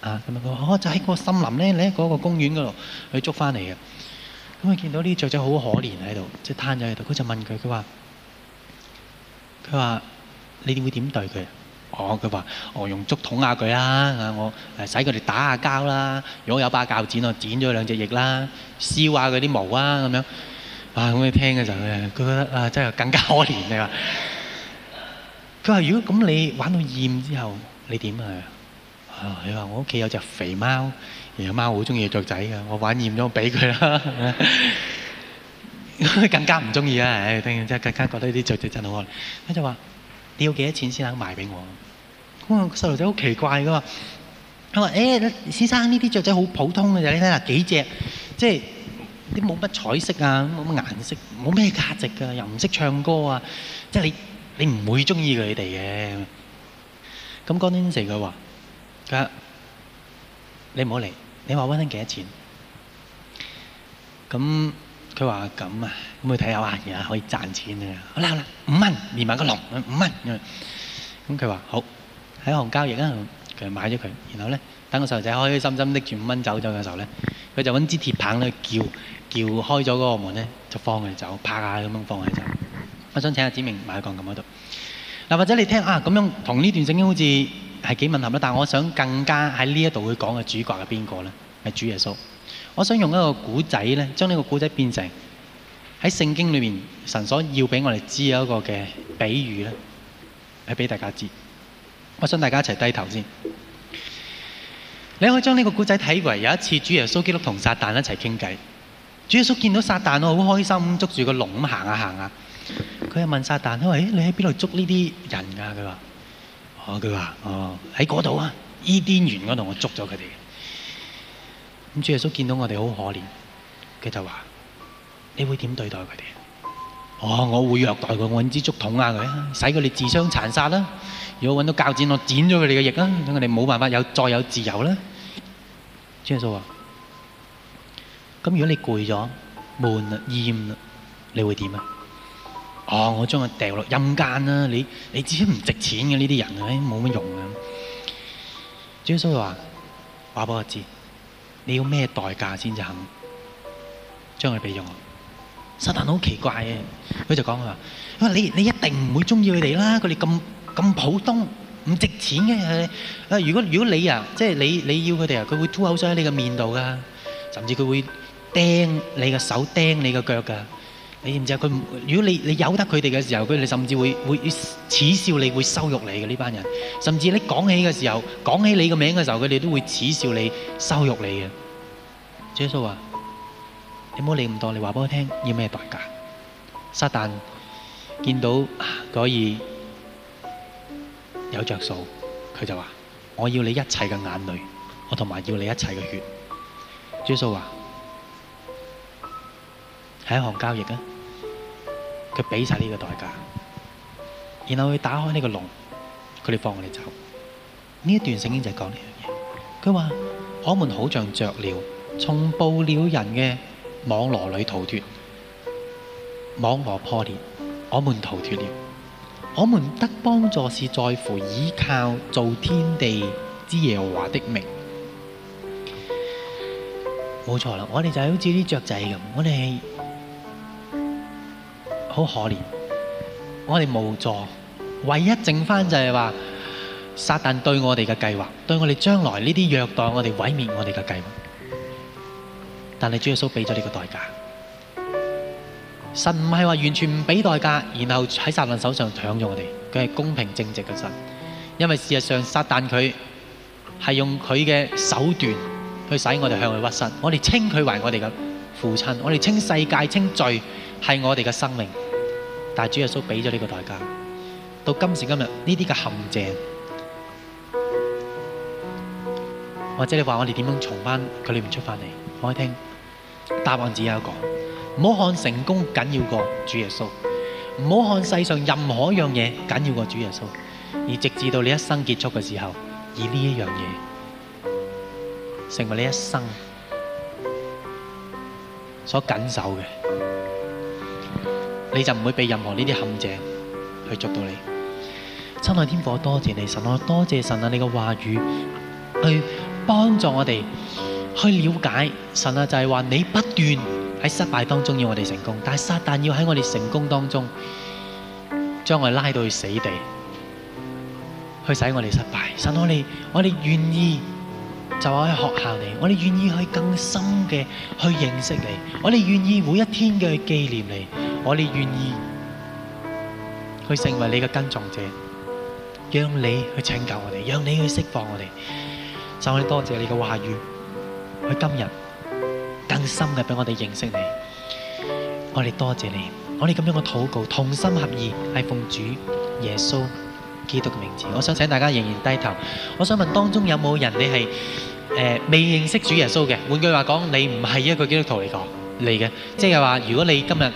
啊咁啊，佢話哦就喺個森林咧，喺嗰個公園嗰度去捉翻嚟嘅。咁啊見到啲雀仔好可憐喺度，即係攤咗喺度，佢就問佢，佢話。佢話：你點會點對佢？哦，佢話：哦，用竹筒下佢啦，我誒使佢哋打下交啦。如果有一把鉸剪，我剪咗兩隻翼啦，燒下佢啲毛啊，咁樣。哇、哦！咁你聽嘅時候，佢覺得啊，真係更加可憐你話。佢話： 如果咁你玩到厭之後，你點啊？啊、哦！你話我屋企有隻肥貓，然後貓好中意雀仔嘅，我玩厭咗，我俾佢啦。更加唔中意啦！唉，聽完之後更加覺得呢啲雀仔真係好可愛。佢就話：你要幾多錢先肯賣俾我？咁啊，細路仔好奇怪噶嘛。佢話：誒，先生呢啲雀仔好普通嘅啫。你睇下幾隻，即係啲冇乜彩色啊，冇乜顏色，冇咩價值嘅，又唔識唱歌啊。即係你你唔會中意佢哋嘅。咁，嗰陣時佢話：佢話你唔好嚟。你話溫生幾多錢？咁。佢話咁啊，咁去睇下啊，然後可以賺錢啊，好啦，好啦，五蚊連埋個籠，五蚊，咁佢話好喺行交易啊，佢買咗佢，然後咧等個細路仔開開心心拎住五蚊走咗嘅時候咧，佢就揾支鐵棒咧叫叫開咗嗰個門咧，就放佢走，啪下咁樣放佢走。我想請阿子明買一個嗰度。嗱，或者你聽啊，咁樣同呢段聖經好似係幾吻合啦，但係我想更加喺呢一度去講嘅主角係邊個咧？係主耶穌。我想用一個古仔咧，將呢個古仔變成喺聖經裏面神所要俾我哋知有一個嘅比喻咧，嚟俾大家知。我想大家一齊低頭先。你可以將呢個古仔睇為有一次主耶穌基督同撒旦一齊傾偈。主耶穌見到撒旦，我好開心，捉住個龍咁行下行下。佢又問撒旦：「佢話，誒，你喺邊度捉呢啲人㗎啊？佢話，哦，佢話，哦，喺嗰度啊，伊甸園嗰度，我捉咗佢哋。咁主耶穌見到我哋好可憐，佢就話：你會點對待佢哋？哦，我會虐待佢，我搵支竹筒啊佢，使佢哋自相殘殺啦！如果搵到鉸剪，我剪咗佢哋嘅翼啦，等佢哋冇辦法有再有自由啦！主耶穌話：咁如果你攰咗、悶啦、厭，你會點啊？哦，我將佢掉落陰間啦！你你自己唔值錢嘅呢啲人，冇乜用啊！主耶穌就話：話俾我知。你要咩代價先就肯將佢俾咗我？撒但好奇怪嘅，佢就講話：你你一定唔會鍾意佢哋啦！佢哋咁普通，唔值錢嘅。如果如果你啊，即係你，你要佢哋啊，佢會吐口水喺你嘅面度㗎，甚至佢會釘你嘅手，釘你嘅腳㗎。你知唔知啊？佢如果你你有得佢哋嘅時候，佢哋甚至會會恥笑你，會羞辱你嘅呢班人。甚至你講起嘅時候，講起你個名嘅時候，佢哋都會恥笑你、羞辱你嘅。耶穌話：你唔好理唔當，你話俾我聽，要咩代價？撒但見到可以有着數，佢就話：我要你一切嘅眼淚，我同埋要你一切嘅血。耶穌話：係一項交易嘅！佢俾晒呢個代價，然後佢打開呢個籠，佢哋放我哋走。呢一段聖經就係講呢樣嘢。佢話：我們好像雀鳥，從捕鳥人嘅網羅裏逃脫，網羅破裂，我們逃脫了。我們得幫助是在乎倚靠造天地之耶和華的名。冇錯啦，我哋就係好似啲雀仔咁，我哋。好可憐，我哋無助，唯一剩翻就係話，撒旦對我哋嘅計劃，對我哋將來呢啲虐待我哋、毀滅我哋嘅計劃。但係主耶穌俾咗你個代價，神唔係話完全唔俾代價，然後喺撒旦手上搶咗我哋，佢係公平正直嘅神。因為事實上撒旦佢係用佢嘅手段去使我哋向佢屈膝，我哋稱佢為我哋嘅父親，我哋稱世界、稱罪係我哋嘅生命。但係主耶穌俾咗呢個代價，到今時今日呢啲嘅陷阱，或者你話我哋點樣從翻佢裏面出翻嚟？我聽，答案只有一個：唔好看成功緊要過主耶穌，唔好看世上任何一樣嘢緊要過主耶穌。而直至到你一生結束嘅時候，以呢一樣嘢成為你一生所緊守嘅。你就唔會畀任何呢啲陷阱去捉到你。親愛的天父，多謝你神，神啊，多謝神啊，你嘅話語去幫助我哋去了解神啊，就係話你不斷喺失敗當中要我哋成功，但係撒旦要喺我哋成功當中將我哋拉到去死地，去使我哋失敗。神啊，你我哋願意。就喺學校嚟，我哋願意去更深嘅去認識你，我哋願意每一天嘅去紀念你，我哋願意去成為你嘅跟從者，讓你去拯救我哋，讓你去釋放我哋。就我哋多謝你嘅話語，去今日更深嘅俾我哋認識你。我哋多謝你，我哋咁樣嘅禱告，同心合意喺奉主耶穌。基督嘅名字，我想請大家仍然低頭。我想問當中有冇人你係誒未認識主耶穌嘅？換句話講，你唔係一個基督徒嚟講嚟嘅，即係話如果你今日誒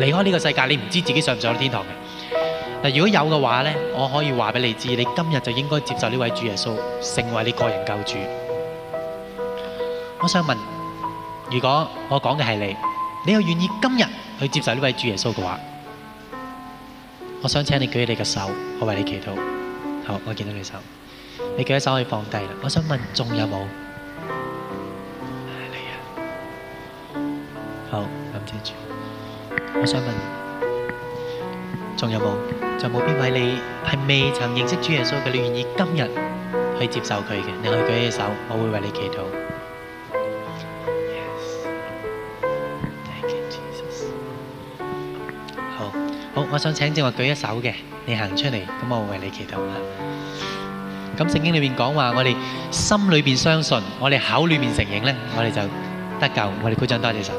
離開呢個世界，你唔知自己上唔上到天堂嘅。嗱，如果有嘅話咧，我可以話俾你知，你今日就應該接受呢位主耶穌成為你個人救主。我想問，如果我講嘅係你，你又願意今日去接受呢位主耶穌嘅話？我想請你舉起你嘅手，我為你祈禱。好，我見到你手，你舉起手可以放低啦。我想問，仲有冇、啊啊？好，諗謝住。我想問，仲有冇有？就冇邊位你係未曾認識主耶穌嘅？你願意今日去接受佢嘅？你可以舉起手，我會為你祈禱。好，我想請正話舉一手嘅，你行出嚟，咁我為你祈禱嚇。咁聖經裏邊講話，我哋心裏邊相信，我哋口裏邊承認咧，我哋就得救。我哋鼓掌，多謝神。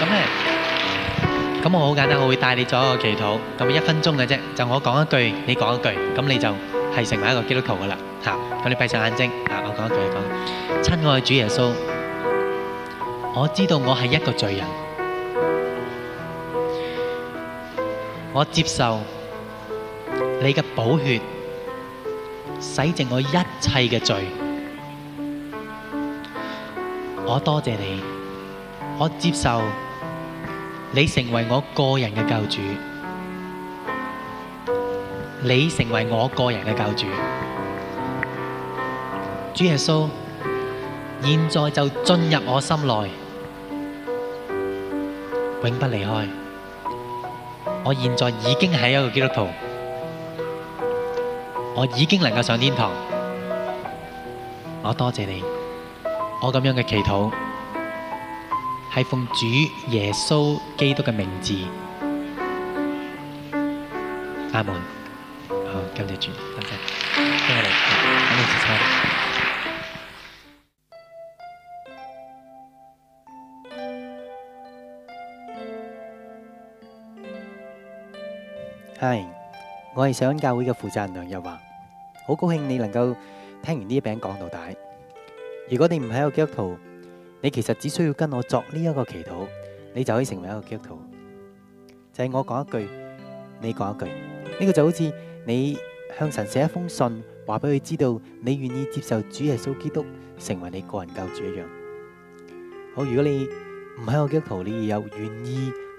咁咧，咁我好簡單，我會帶你做一個祈禱，咁一分鐘嘅啫，就我講一句，你講一句，咁你就係成為一個基督徒噶啦嚇。咁你閉上眼睛，啊，我講一句，講，親愛主耶穌，我知道我係一個罪人。我接受你嘅寶血洗淨我一切嘅罪，我多謝你。我接受你成為我個人嘅救主，你成為我個人嘅救主。主耶穌，現在就進入我心內，永不離開。我現在已經係一個基督徒，我已經能夠上天堂，我多謝你，我咁樣嘅祈禱係奉主耶穌基督嘅名字，阿門。好，感謝主，多謝，多謝你，我哋一齊係，我係上恩教會嘅負責人梁日華，好高興你能夠聽完呢一餅講道帶。如果你唔係一個基督徒，你其實只需要跟我作呢一個祈禱，你就可以成為一個基督徒。就係我講一句，你講一句，呢個就好似你向神寫一封信，話俾佢知道你願意接受主耶穌基督成為你個人救主一樣。好，如果你唔係一個基督徒，你又願意？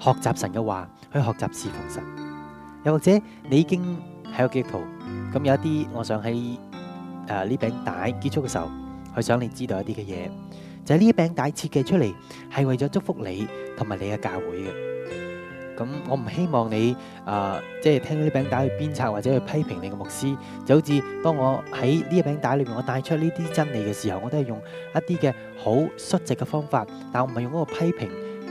學習神嘅話，去學習侍奉神。又或者你已經喺有基督徒，咁有一啲，我想喺誒呢餅帶結束嘅時候，去想你知道一啲嘅嘢，就係呢餅帶設計出嚟係為咗祝福你同埋你嘅教會嘅。咁我唔希望你誒，即係聽呢餅帶去鞭策或者去批評你嘅牧師。就好似當我喺呢一餅帶裏面，我帶出呢啲真理嘅時候，我都係用一啲嘅好率直嘅方法，但係我唔係用嗰個批評。